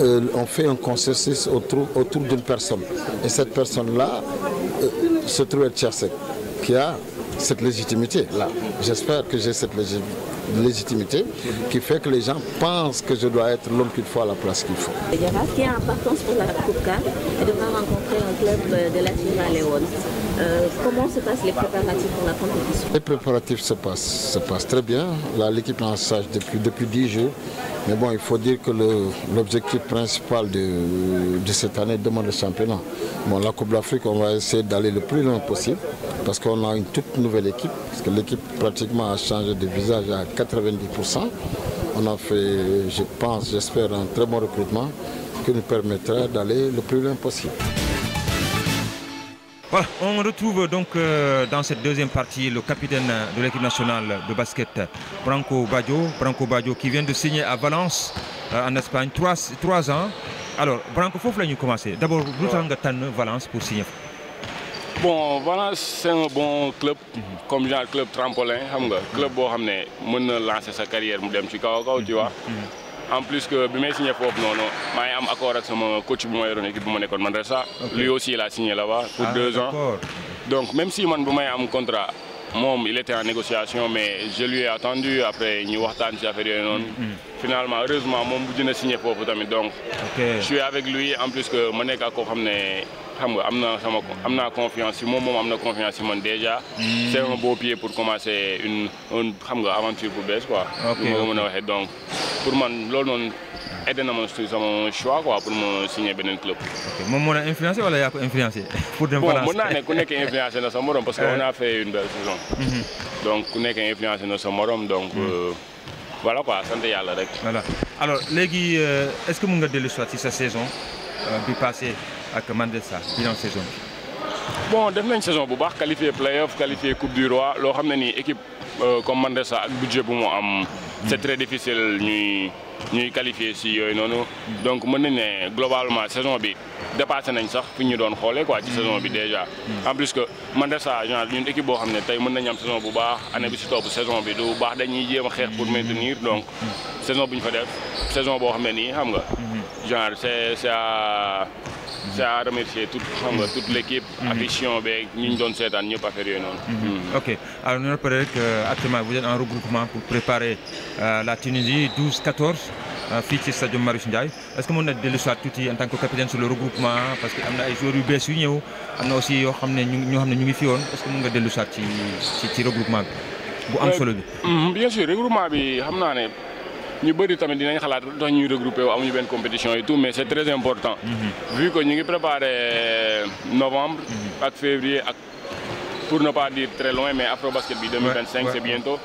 euh, on fait un consensus autour, autour d'une personne. Et cette personne-là euh, se trouve être Tchersek, qui a cette légitimité-là. J'espère que j'ai cette légitimité légitimité qui fait que les gens pensent que je dois être l'homme qu'il faut à la place qu'il faut. qui est en partance pour la Coupe CAN et devra rencontrer un club de la Sierra Leone. Euh, comment se passent les très bien. Là, l'équipe est en stage depuis, depuis 10 jours. Mais bon, il principal de, de, cette année demande le la Coupe d'Afrique, on va le plus loin possible parce qu'on a une toute nouvelle équipe. Parce que pratiquement a changé de visage à 90%. On a fait, je très bon recrutement qui le plus loin possible. Voilà, on retrouve donc euh, dans cette deuxième partie le capitaine de l'équipe nationale de basket, Branco bajo Branco Baggio qui vient de signer à Valence, euh, en Espagne, trois, trois ans. Alors, Branco, faut commencé nous commencer. D'abord, nga avez Valence pour signer. Bon, Valence, c'est un bon club, mm -hmm. comme genre club trampolin, mm -hmm. club où mm -hmm. on peut lancer sa carrière, tu vois. Mm-hmm. en plus que bi may signé foofu noonu maa ngi am accord ak sama coach bu ma yoroon équipe bu ma nekkoon Mandresa. lui aussi il a signé là-bas pour ah, deux ans. donc si man bu may am moom il était en négociation mais je lui attendu après ñu waxtaan ci affaire yooyu noonu. Mm, mm. finalement heureusement moom bu jën a signé foofu tamit donc. je suis avec lui en plus que ma nekk ak koo ne. xam nga am na sama am naa confiance si moom moom am na confiance si man déjà. Hmm. pour commencer une une a waxee donc pour man loolu noonu aidé ma si sama choix quoi pour ma signer beneen club. ok moom moo la ko pour ku nekk influencé na sa morom parce a fait une belle mhm. donc ku nekk influencé na sa morom donc. Hmm. Euh, voilà quoi sant yàlla rek. voilà alors léegi euh, est-ce que mën nga dellu soit sa saison euh, bi passée. ak Mandessa bilan saison bi. bon def nañ saison bu baax qualifié playoff qualifié coupe du roi loo xam ne nii équipe euh, comme Mandessa ak budget bu mu am. c' très difficile ñuy ñuy qualifié si yooyu noonu. donc mën nañ ne globalement saison bi dépassé nañ sax fu ñu doon xoolee quoi ci saison bi mm. déjà. Mm. en plus que Mandessa genre ñun équipe boo xam ne tey mën nañ am saison bu baax année bi si topp saison bi du baax dañuy jéem a xeex pour mm. maintenir donc. saison bu ñu fa def saison boo xam ne nii xam nga. Mm-hmm. genre c' ça remercier tout xam nga toute l'équipe mm-hmm. affection beeg ñu ñu doon seetaan ñëpp affaire yooyu noonu mm-hmm. Mm-hmm. ok alors on peut dire que euh, actuellement vous en regroupement pour préparer euh, la Tunisie 12-14 euh, fii ci stade Marius Ndiaye est-ce que mën na dellu soit tuuti en tant que capitaine sur le regroupement parce que am na ay joueurs yu bees yu ñëw am na aussi yoo xam ne ñoo xam ne ñu ngi fi woon est-ce que mën nga dellu soit ci ci regroupement bi bu am solo ñu bëri tamit dinañ xalaat lu ñu ñuy regroupé wu amuñu benn compétition et tout mais c'est très important. Mhm. vu que ñu ngi préparé euh, novembre. Mhm. ak février ak pour ne pas dire très loin mais afro basket bi 2025 c'est bientôt.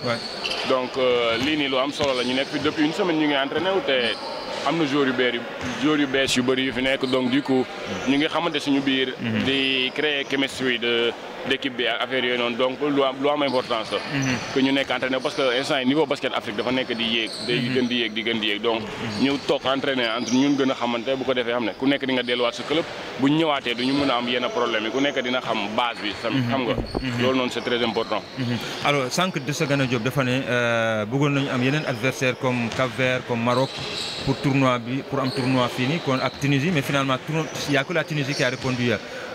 donc euh, lii nii lu am solo la ñu nekk fi depuis une semaine ñu ngi entraîné wu am na joueurs yu beer yu joueurs yu bees yu bëri yu fi nekk donc du coup mhm. ñu ngi xamante su ñu biir. di créer chemistry de. d'équipe bi ak yooyu noonu donc lu am lu am importance mhm. ñu nekk entraîneur parce que instant yi niveau basket Afrique dafa nekk di yéeg. Mhm. di gën di yéeg donc. Mhm. ñu toog entraîneur entre ñun gën a xamante bu ko defee xam ne ku nekk dina xam base bi. tamit xam nga. loolu noonu c'est très important. alors sànq de sa gën a dafa ne euh, bëggoon nañu am yeneen adversaire comme cap comme Maroc pour tournoi bi pour am tournoi fii nii kon ak Tunisie mais finalement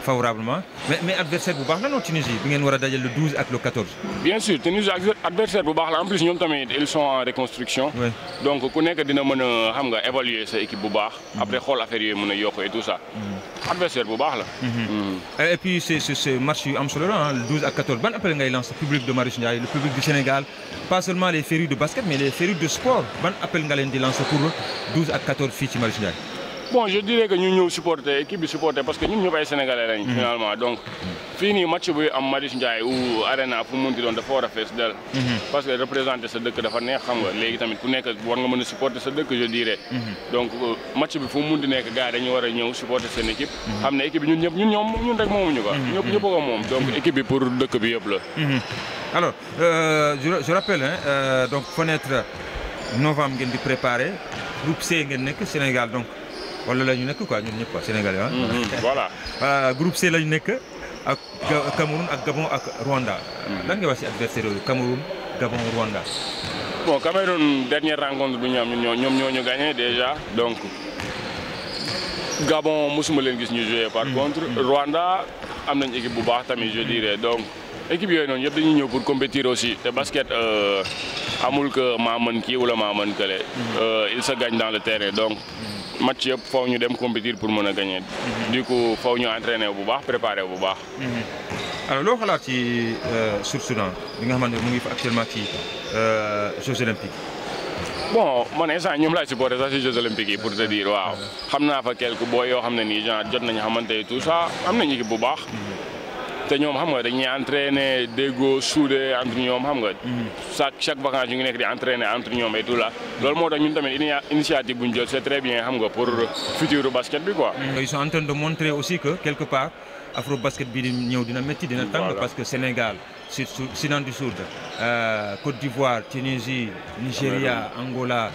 favorablement mais adversaire bu baax la non Tunisie bi ngeen war a dajal le 12 ak le 14. bien sûr Tunisie adversaire bu baax la en plus ñoom tamit ils sont en reconstruction. donc ku nekk dina mën a xam nga évaluer sa équipe bu baax. Mhm. après xool affaire yooyu mën a yokk et tout ça. Mhm. adversaire bu baax la. Mhm. Euh, et puis c'est c'est match yu am solo la le 12 ak 14 ban appel ngay lancer public de Marius le public du Sénégal pas seulement les férus de basket mais bon je dirais que ñu ñëw supporter équipe bi supporter parce que ñun ñëpp ay sénégalais lañ. Mm-hmm. finalement donc fii nii match buy am Marius Ndiaye ou Arena fu mu munti doon dafa war a fees dell. Mm-hmm. parce que représenter sa dëkk dafa neex xam nga léegi tamit ku nekk war nga mën a supporter sa dëkk je dirais. Mm-hmm. donc euh, match bi fu mu munti nekk gars dañu war a ñëw supporter seen équipe. xam ne équipe ñun ñëpp ñun ñoom ñun rek ko. ñëpp ñëpp ko moom donc équipe bi pour dëkk bi yëpp la. alors euh, euh wala la ñu nekk quoi ñun ñëpp quoi Sénégalais ah. Mhm, mhm, voilà. Ah, groupe C la nekk ak Cameroun ak Gabon ak Rwanda. Mhm. lan nga wax ci adversaire yooyu Cameroun Gabon Rwanda. bon Cameroun dernière rencontre bi ñu am ñun ñoom ñoo ñu gagné déjà donc Gabon mësuma leen gis ñu joué. par contre Rwanda am nañ équipe bu baax tamit je donc. équipe yooyu noonu yëpp dañuy ñëw pour compétir aussi te basket euh, amul que maa mën kii wala maa mën kële. Euh, il se gagne dans le terrain match yëpp faw ñu dem compétir pour mën a gagner. Mhm. du coup faw ñu entraîner bu baax préparer bu baax. Mhm. loo xalaat ci euh, Sud Soudan bi nga xamante ne mu ngi fa actuellement ci euh, Jeux olympiques. bon man instant ñoom laay supporté sax si Jeux olympiques yi pour te dire waaw mhm. xam naa fa quelques boy yoo xam ne nii genre jot nañu xamante tout ça am nañu équipe bu baax. te ñoom xam nga dañuy entraîner déggoo suude entre ñoom xam nga. Mm-hmm. chaque chaque vacance ñu ngi nekk di entraîner entre ñoom et tout là. loolu moo tax ñun tamit initiative bu ñu jël c'est très bien xam nga pour futur basket bi quoi. Mm-hmm. ils sont en montrer aussi que quelque part afro basket bi di ñëw dina métti dina tàng parce que Sénégal. surtout Soudan du Sud euh, Côte d'Ivoire Tunisie Nigéria Angola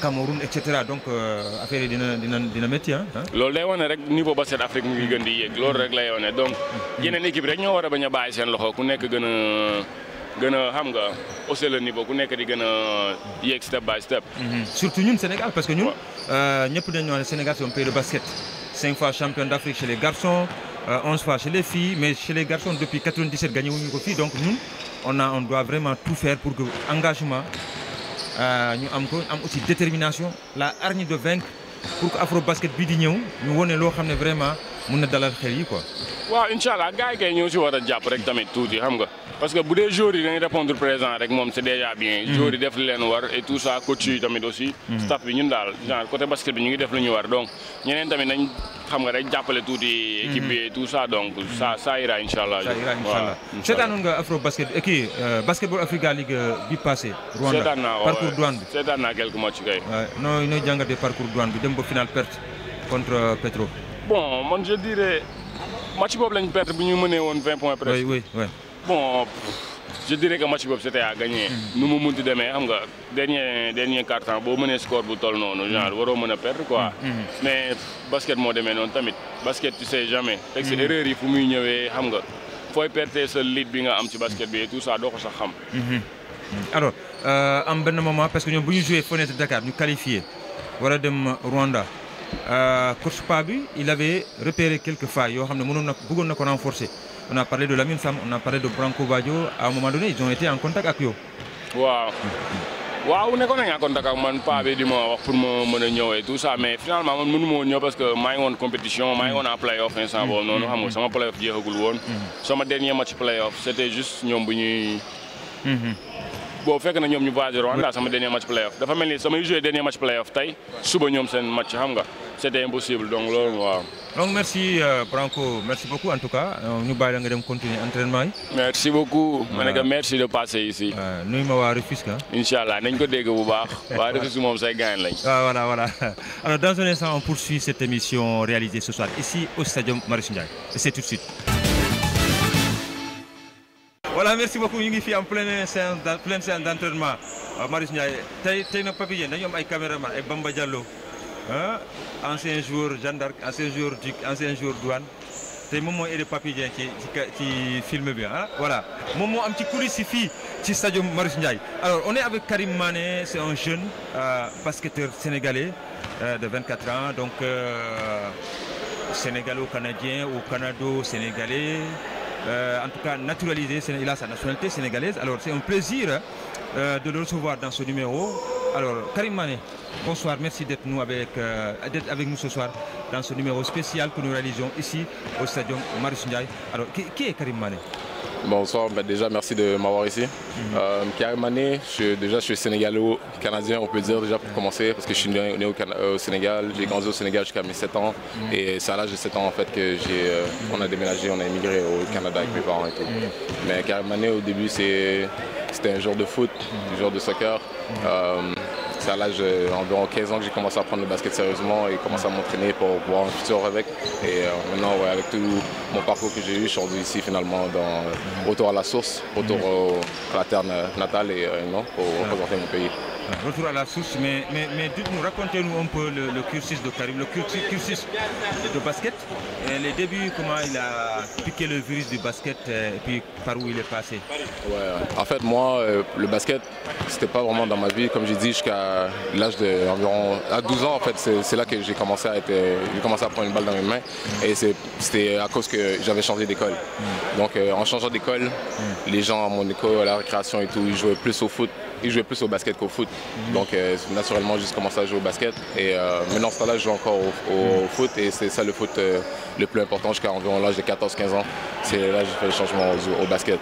Cameroun et cetera donc euh, affaire yi dina dina dina métti ah. loolu day wane rek niveau basket Afrique mu ngi gën di yéeg loolu rek lay wone donc hmm. yeneen équipe rek ñoo war a bañ a bàyyi seen loxo ku nekk gën gën a xam nga hausser le niveau ku nekk di gën a yéeg step by step. Hmm. surtout ñun Sénégal parce que ñun. Euh, ñëpp dañu naan Sénégal c'est un de basket cinq fois champion d'Afrique chez les 11 euh, fois chez les filles mais chez les garçons depuis 97 gagné wuñu ko fii donc ñun on a on doit vraiment tout faire pour que engagement euh, ñu am ko am aussi détermination la hargne de vaincre pour que afro basket bii di ñëw ñu wone loo xam ne vraiment mun na dalal xel yi quoi. waaw incha allah gars yi kay ñoo si war a jàpp rek tamit tuuti xam nga parce que bu dee joueurs yi dañuy répondre présent rek moom c' est déjà bien. Hmm. joueurs yi def li leen war et tout ça coach yi tamit aussi. Hmm. staff bi ñun daal genre côté basket bi ñu ngi def lu ñu war donc ñeneen tamit nañ xam nga rek jàppale tuuti. équipe hmm. bi et tout ça donc ça ça ira incha allah. ça ira incha allah seetaanoon nga afro basket eh, kii euh, basketball Africa League euh, bi passé. Rwanda parcours douane ba finale perte euh, bon man je dirais match boobu lañ perdre bu ñu mënee woon vingt points presque. oui oui oui. bon je dirais que match boobu c'était à hmm. nu mu munti demee xam nga dernier dernier quart temps boo mënee score bu toll noonu hmm. genre waroo mën a perdre quoi. Hmm, mais basket moo demee noonu tamit basket tu sais jamais. teg si erreur yi fu muy ñëwee xam nga fooy perte sa lead bi nga am ci basket bi et tout ça doo ko sax xam. alors euh, am benn moment parce que ñoom bu ñu joué fenêtre Dakar ñu qualifié war a dem Rwanda. Euh, coach Pa bi il avait repéré quelques failles yoo xam ne mënoon na bëggoon na ko renforcer on a parlé de Lamine Sam on a parlé de Branco Badio à un moment donné ils ont été en contact ak yow. waaw waaw nekkoon nañu en contact ak man Pa bi di ma wax pour ma mën a ñëw et tout ça mais finalement man mënu ma woon ñëw parce que maa ngi woon compétition maa ngi woon en playoff instant mm-hmm. boobu noonu xam nga mm-hmm. sama playoff jeexagul woon. Mm-hmm. sama dernier match playoff c'était juste ñoom bu ñuy. boobu fekk na ñoom ñu voyagé Rwanda sama dernier match playoff dafa mel ni samay joué dernier match playoff tey suba ñoom seen match xam nga c'était impossible donc loolu waaw. merci euh, Branco merci beaucoup en tout cas euh, ñu bàyyi la nga dem continuer entraînement yi. merci beaucoup. ma ne ko merci de passer ici. Euh, nuyu ma waa Rufisque ah. incha allah nañ ko dégg bu baax. waa Rufisque moom say gaañ lañ. waaw ah, voilà voilà alors dans un instant on poursuit cette émission voilà merci beaucoup ñu ngi fii am pleine séance pleine séance d' entraînement euh, tey tey nag Papi am ay caméraman ay Bamba Diallo ah ancien joueur Jeanne d'Arc ancien joueur Duc ancien joueur douane tey moom moo aidé Papi Diène ci film bi ah voilà moom moo am ci coulisse fii ci stade Marius Ndiaye alors on est avec Karim Mané c' est un jeune euh, basketteur sénégalais euh, de 24 ans donc sénégalo canadien ou canado sénégalais Euh, en tout cas naturalisé, il a sa nationalité sénégalaise. Alors c'est un plaisir euh, de le recevoir dans ce numéro. Alors Karim Mané, bonsoir, merci d'être nous avec, euh, d'être avec nous ce soir dans ce numéro spécial que nous réalisons ici au stadium Marius Ndiaye. Alors qui, qui est Karim Mané Bonsoir, ben merci de m'avoir ici. Mm -hmm. euh, Mané, je, déjà je suis sénégalo-canadien, on peut dire déjà pour commencer, parce que je suis né, né au, euh, au, Sénégal, jusqu'à mes 7 ans, mhm. et c'est à l'âge de 7 ans en fait que j'ai, euh, on a déménagé, on a émigré au Canada avec mes et tout. Mhm. Mais Mané au début c'est, c'était un genre de foot, mhm. un genre de soccer. Euh, c'est à l'âge d'environ 15 ans que j'ai commencé à prendre le basket sérieusement et commencé à m'entraîner pour pouvoir un futur avec. Et euh, maintenant, ouais, avec tout mon parcours que j'ai eu, je suis rendu ici finalement dans, euh, autour à la source, autour mmh. euh, à la terre natale et non, pour représenter mon pays. Retour à la source, mais, mais, mais dites-nous, racontez-nous un peu le, le, cursus de Karim, le cursus, cursus de basket, et les débuts, comment il a piqué le virus du basket euh, et puis par où il est passé. Ouais, en fait, moi, euh, le basket, c'était pas vraiment dans ma vie, comme j'ai dit, jusqu'à l'âge d'environ de à 12 ans, en fait, c'est là que j'ai commencé à être, j'ai commencé à prendre une balle dans mes mains, et c'était à cause que j'avais changé d'école. Donc, euh, en changeant d'école, hmm. les gens à mon école, à la récréation et tout, ils jouaient plus au foot, ils jouaient plus au basket qu'au foot. Mhm. Donc euh, naturellement, j'ai juste commencé à jouer au basket. Et euh, maintenant, ce temps-là, je joue encore au, mhm. foot. Et c'est le foot euh, le plus important jusqu'à environ l'âge de ans. C'est là que j'ai le changement au, basket.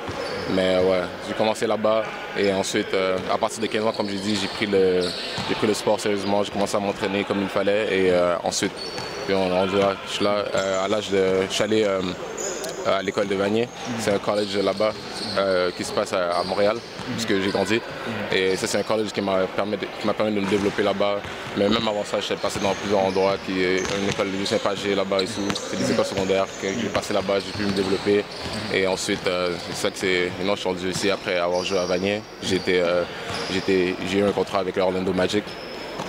Mais euh, ouais, j'ai commencé là-bas. Et ensuite, euh, à partir de 15 ans, comme je dis, j'ai pris, le, sport sérieusement. J'ai commencé à m'entraîner comme il fallait. Et ensuite, puis on, on, je suis à l'âge de... Je Euh, à l'école de Vanier. C'est un collège là-bas euh, qui se passe à, à Montréal, puisque j'ai grandi. Et ça, c'est un collège qui m'a permis, permis, de me développer là-bas. Mais même avant ça, j'étais passé dans plusieurs endroits, qui est une école de Lucien Pagé là-bas et tout. C'est des écoles secondaires que j'ai passé là-bas, j'ai pu me développer. Et ensuite, euh, c'est ça que c'est. Maintenant, je suis rendu ici après avoir joué à Vanier. J'ai euh, j'ai eu un contrat avec l'Orlando Magic.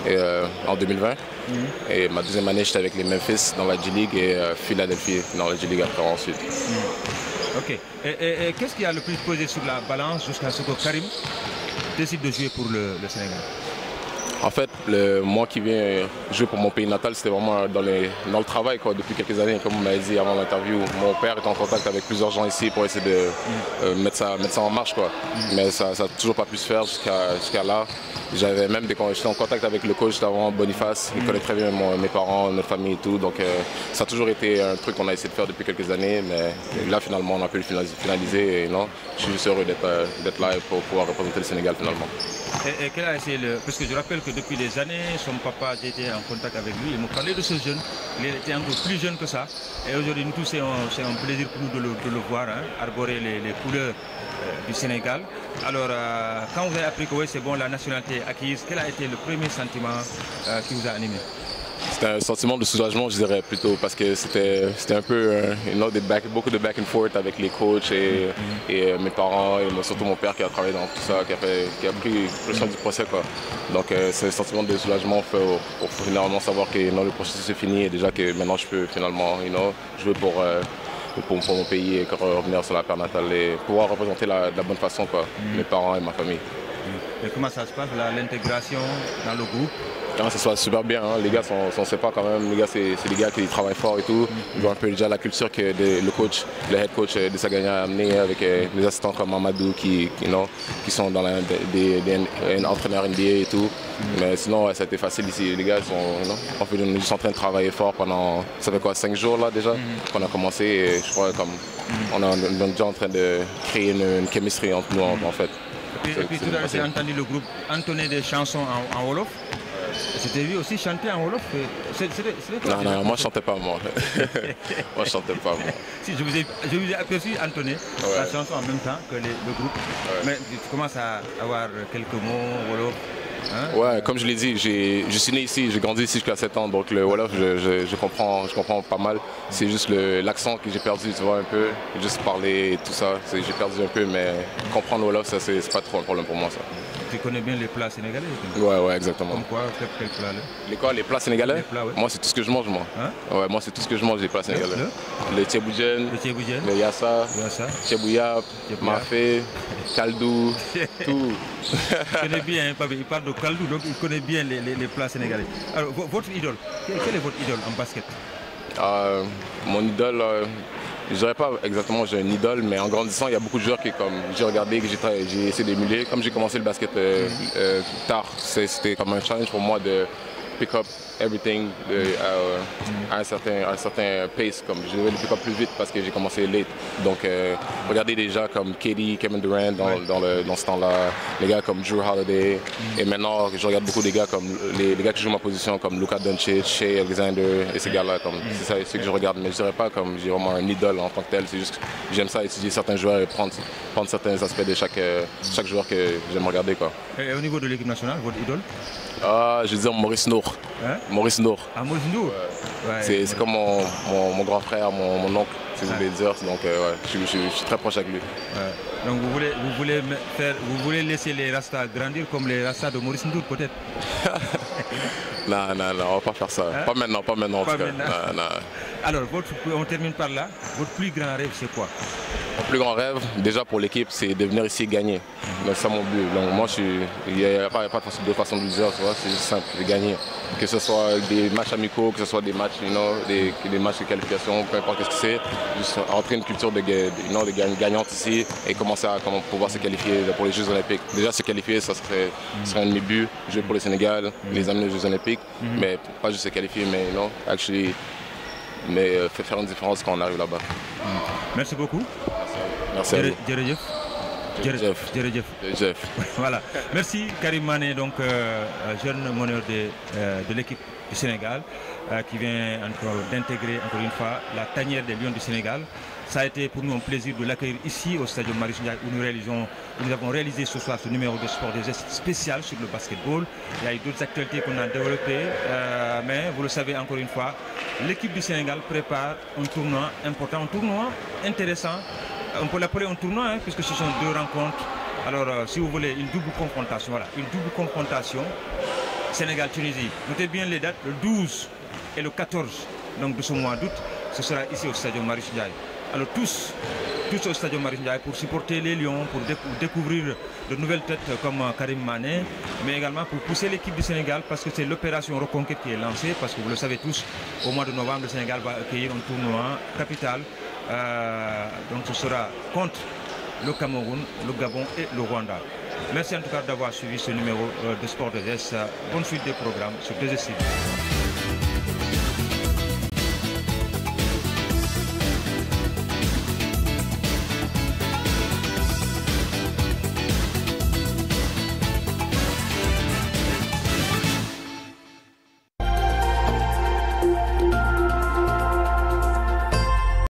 et, euh, en 2020. Mmh. Et ma deuxième année, j'étais avec les Memphis dans la G-League et euh, Philadelphie dans la G-League après ensuite. Mmh. Ok. Et, et, et qu'est-ce qui a le plus posé sur la balance jusqu'à ce que Karim décide de jouer pour le, le Sénégal En fait, le, moi qui viens jouer pour mon pays natal, c'était vraiment dans, les, dans, le travail quoi, depuis quelques années. Comme vous m'avez dit avant l'interview, mon père est en contact avec plusieurs gens ici pour essayer de euh, mettre, ça, mettre, ça, en marche. Quoi. Mais ça n'a toujours pas pu se faire jusqu'à jusqu là. J'avais même, dès quand j'étais en contact avec le coach avant, Boniface, il connaît très bien mon, mes parents, notre famille et tout. Donc euh, ça a toujours été un truc qu'on a essayé de faire depuis quelques années. Mais là, finalement, on a pu le finaliser. Et non, je suis juste heureux euh, d'être là pour pouvoir représenter le Sénégal finalement. Et, et quel a essayé le... Parce que je rappelle que depuis des années. Son papa, j'étais en contact avec lui. Il me parlait de ce jeune. Il était encore plus jeune que ça. Et aujourd'hui, nous tous, c'est un, plaisir pour nous de le, de le voir, hein, arborer les, couleurs euh, du Sénégal. Alors, euh, quand vous avez appris que la nationalité acquise, quel a été le premier sentiment euh, qui vous a animé c'était un sentiment de soulagement, je dirais plutôt, parce que c'était un peu euh, you know, des back, beaucoup de back and forth avec les coachs et, mm -hmm. et euh, mes parents et surtout mon père qui a travaillé dans tout ça, qui a, fait, qui a pris le champ du procès. Quoi. Donc euh, c'est un sentiment de soulagement pour, pour finalement savoir que you know, le processus est fini et déjà que maintenant je peux finalement you know, jouer pour, euh, pour, pour, mon pays et revenir sur la terre natale et pouvoir représenter la, de la bonne façon quoi, mm -hmm. mes parents et ma famille. Et comment ça se passe, l'intégration dans le groupe ah, ça se passe super bien, hein. les gars s'en séparent quand même, les gars c'est des gars qui travaillent fort et tout. Ils voient un peu déjà la culture que de, le coach, le head coach euh, de Sagagna a amené avec euh, des assistants comme Mamadou qui, qui, non, qui sont dans la, des, des, des entraîneurs NBA et tout. Mais sinon ouais, ça a été facile ici, les gars sont, non, en fait, on est juste en train de travailler fort pendant, ça fait quoi, 5 jours là déjà qu'on a commencé et je crois comme on, est déjà en train de créer une, une chemistry entre nous en, en fait. Et puis, et puis tout à l'heure, j'ai entendu le groupe entonner des chansons en, en Wolof. C'était lui aussi chanter en Wolof c c c Non, non, moi je chantais pas moi. moi je chantais pas moi. Si, je vous ai, je vous ai aperçu Anthony, ouais. la chanson en même temps que les, le groupe. Ouais. Mais tu commences à avoir quelques mots Wolof. Hein? Ouais, comme je l'ai dit, je suis né ici, j'ai grandi ici jusqu'à 7 ans, donc le Wolof, je, je, je, comprends, je comprends pas mal. C'est juste l'accent que j'ai perdu, tu vois, un peu. Juste parler, tout ça, j'ai perdu un peu, mais comprendre le Wolof, ça c'est pas trop un problème pour moi, ça. tu connais bien les plats sénégalais. Ouais, ouais, exactement. Comme quoi, quel, quel plat là Les quoi, les plats sénégalais les tout ce que je mange, moi. Hein ouais, moi, tout ce que je mange, les plats sénégalais. Le, le tchéboujen, le, le yassa, yassa. kaldou, tout. Il connaît bien, hein, Pape, il parle de kaldou, donc il connaît bien les, les, les plats votre idole, quelle votre idole en basket ah, Mon idole, euh, je dirais pas exactement j'ai une idole, mais en grandissant, il y a beaucoup de joueurs que comme j'ai regardé, que j'ai essayé d'émuler. Comme j'ai commencé le basket euh, euh, tard, c'était comme un challenge pour moi de pick up everything euh, à, un certain, à un certain pace. Comme je devais le pick up plus vite parce que j'ai commencé late. Donc, euh, regardez des gens comme Katie, Kevin Durant dans, ouais. dans, le, dans ce temps-là, les gars comme Drew Holiday. Mm. Et maintenant, je regarde beaucoup des gars comme les, les gars qui jouent ma position, comme Luca Doncic, Shea Alexander et ces gars-là. Comme, mm. C'est ça ceux que je regarde. Mais je dirais pas comme j'ai vraiment un idole en tant que tel. C'est juste que j'aime ça étudier certains joueurs et prendre, prendre certains aspects de chaque, euh, chaque joueur que j'aime regarder. Quoi. Et au niveau de l'équipe nationale, votre idole euh, Je veux dire Maurice Nour. Hein Maurice Nour. Ah, Maurice Nour ouais. C'est comme mon, mon, mon, grand frère, mon, mon oncle. si vous voulez dire. Donc, euh, ouais, je, je, je, suis très proche avec lui. Ouais. Donc, vous voulez, vous, voulez faire, vous voulez laisser les Rastas grandir comme les Rastas de Maurice Ndour, peut-être Non, non, non, on va pas faire ça. Hein? Pas maintenant, pas maintenant, en pas tout cas. Maintenant. Non, non. Alors, votre, on termine par là. Votre plus grand rêve, c'est quoi Mon plus grand rêve, déjà pour l'équipe, c'est de venir ici gagner. Donc, c'est mon but. Donc, moi, il n'y a, a, pas, pas de façon de le dire, c'est simple, de gagner. Que ce soit des matchs amicaux, que ce soit des matchs, you know, des, des matchs de qualification, peu importe ce que c'est. juste entrer une culture de, non, ici et commencer comment, pouvoir se qualifier pour les Jeux Olympiques. Déjà se qualifier, ça serait, ça un de mes buts, pour le Sénégal, les amener aux Jeux Olympiques, mhm. mais pas juste se qualifier, mais non, actually, mais euh, faire une différence quand on arrive là-bas. Merci beaucoup. Merci à vous. Merci à vous. Euh, euh, de l'équipe du Sénégal Euh, qui vient d'intégrer encore une fois la tanière des Lions du Sénégal. Ça a été pour nous un plaisir de l'accueillir ici au Stade Marius Ndiaye où nous, avons réalisé ce numéro de sport des gestes spécial sur le basketball. Il y a eu d'autres actualités qu'on a développées, euh, mais vous le savez encore une fois, l'équipe du Sénégal prépare un tournoi important, un l'appeler un tournoi puisque ce sont deux rencontres. Euh, si vous voulez, une double confrontation. sénégal et le 14 donc de ce mois d'août, ce sera ici au Stadion Marius Alors tous, tous au Stadion Marius pour supporter les Lions, pour déc découvrir de nouvelles têtes comme euh, Karim Mané, mais également pour pousser l'équipe du Sénégal parce que c'est l'opération Reconquête qui est lancée, parce que vous le savez tous, au mois de novembre, le Sénégal va accueillir un tournoi capital. Euh, donc ce sera contre le Cameroun, le Gabon et le Rwanda. Merci en tout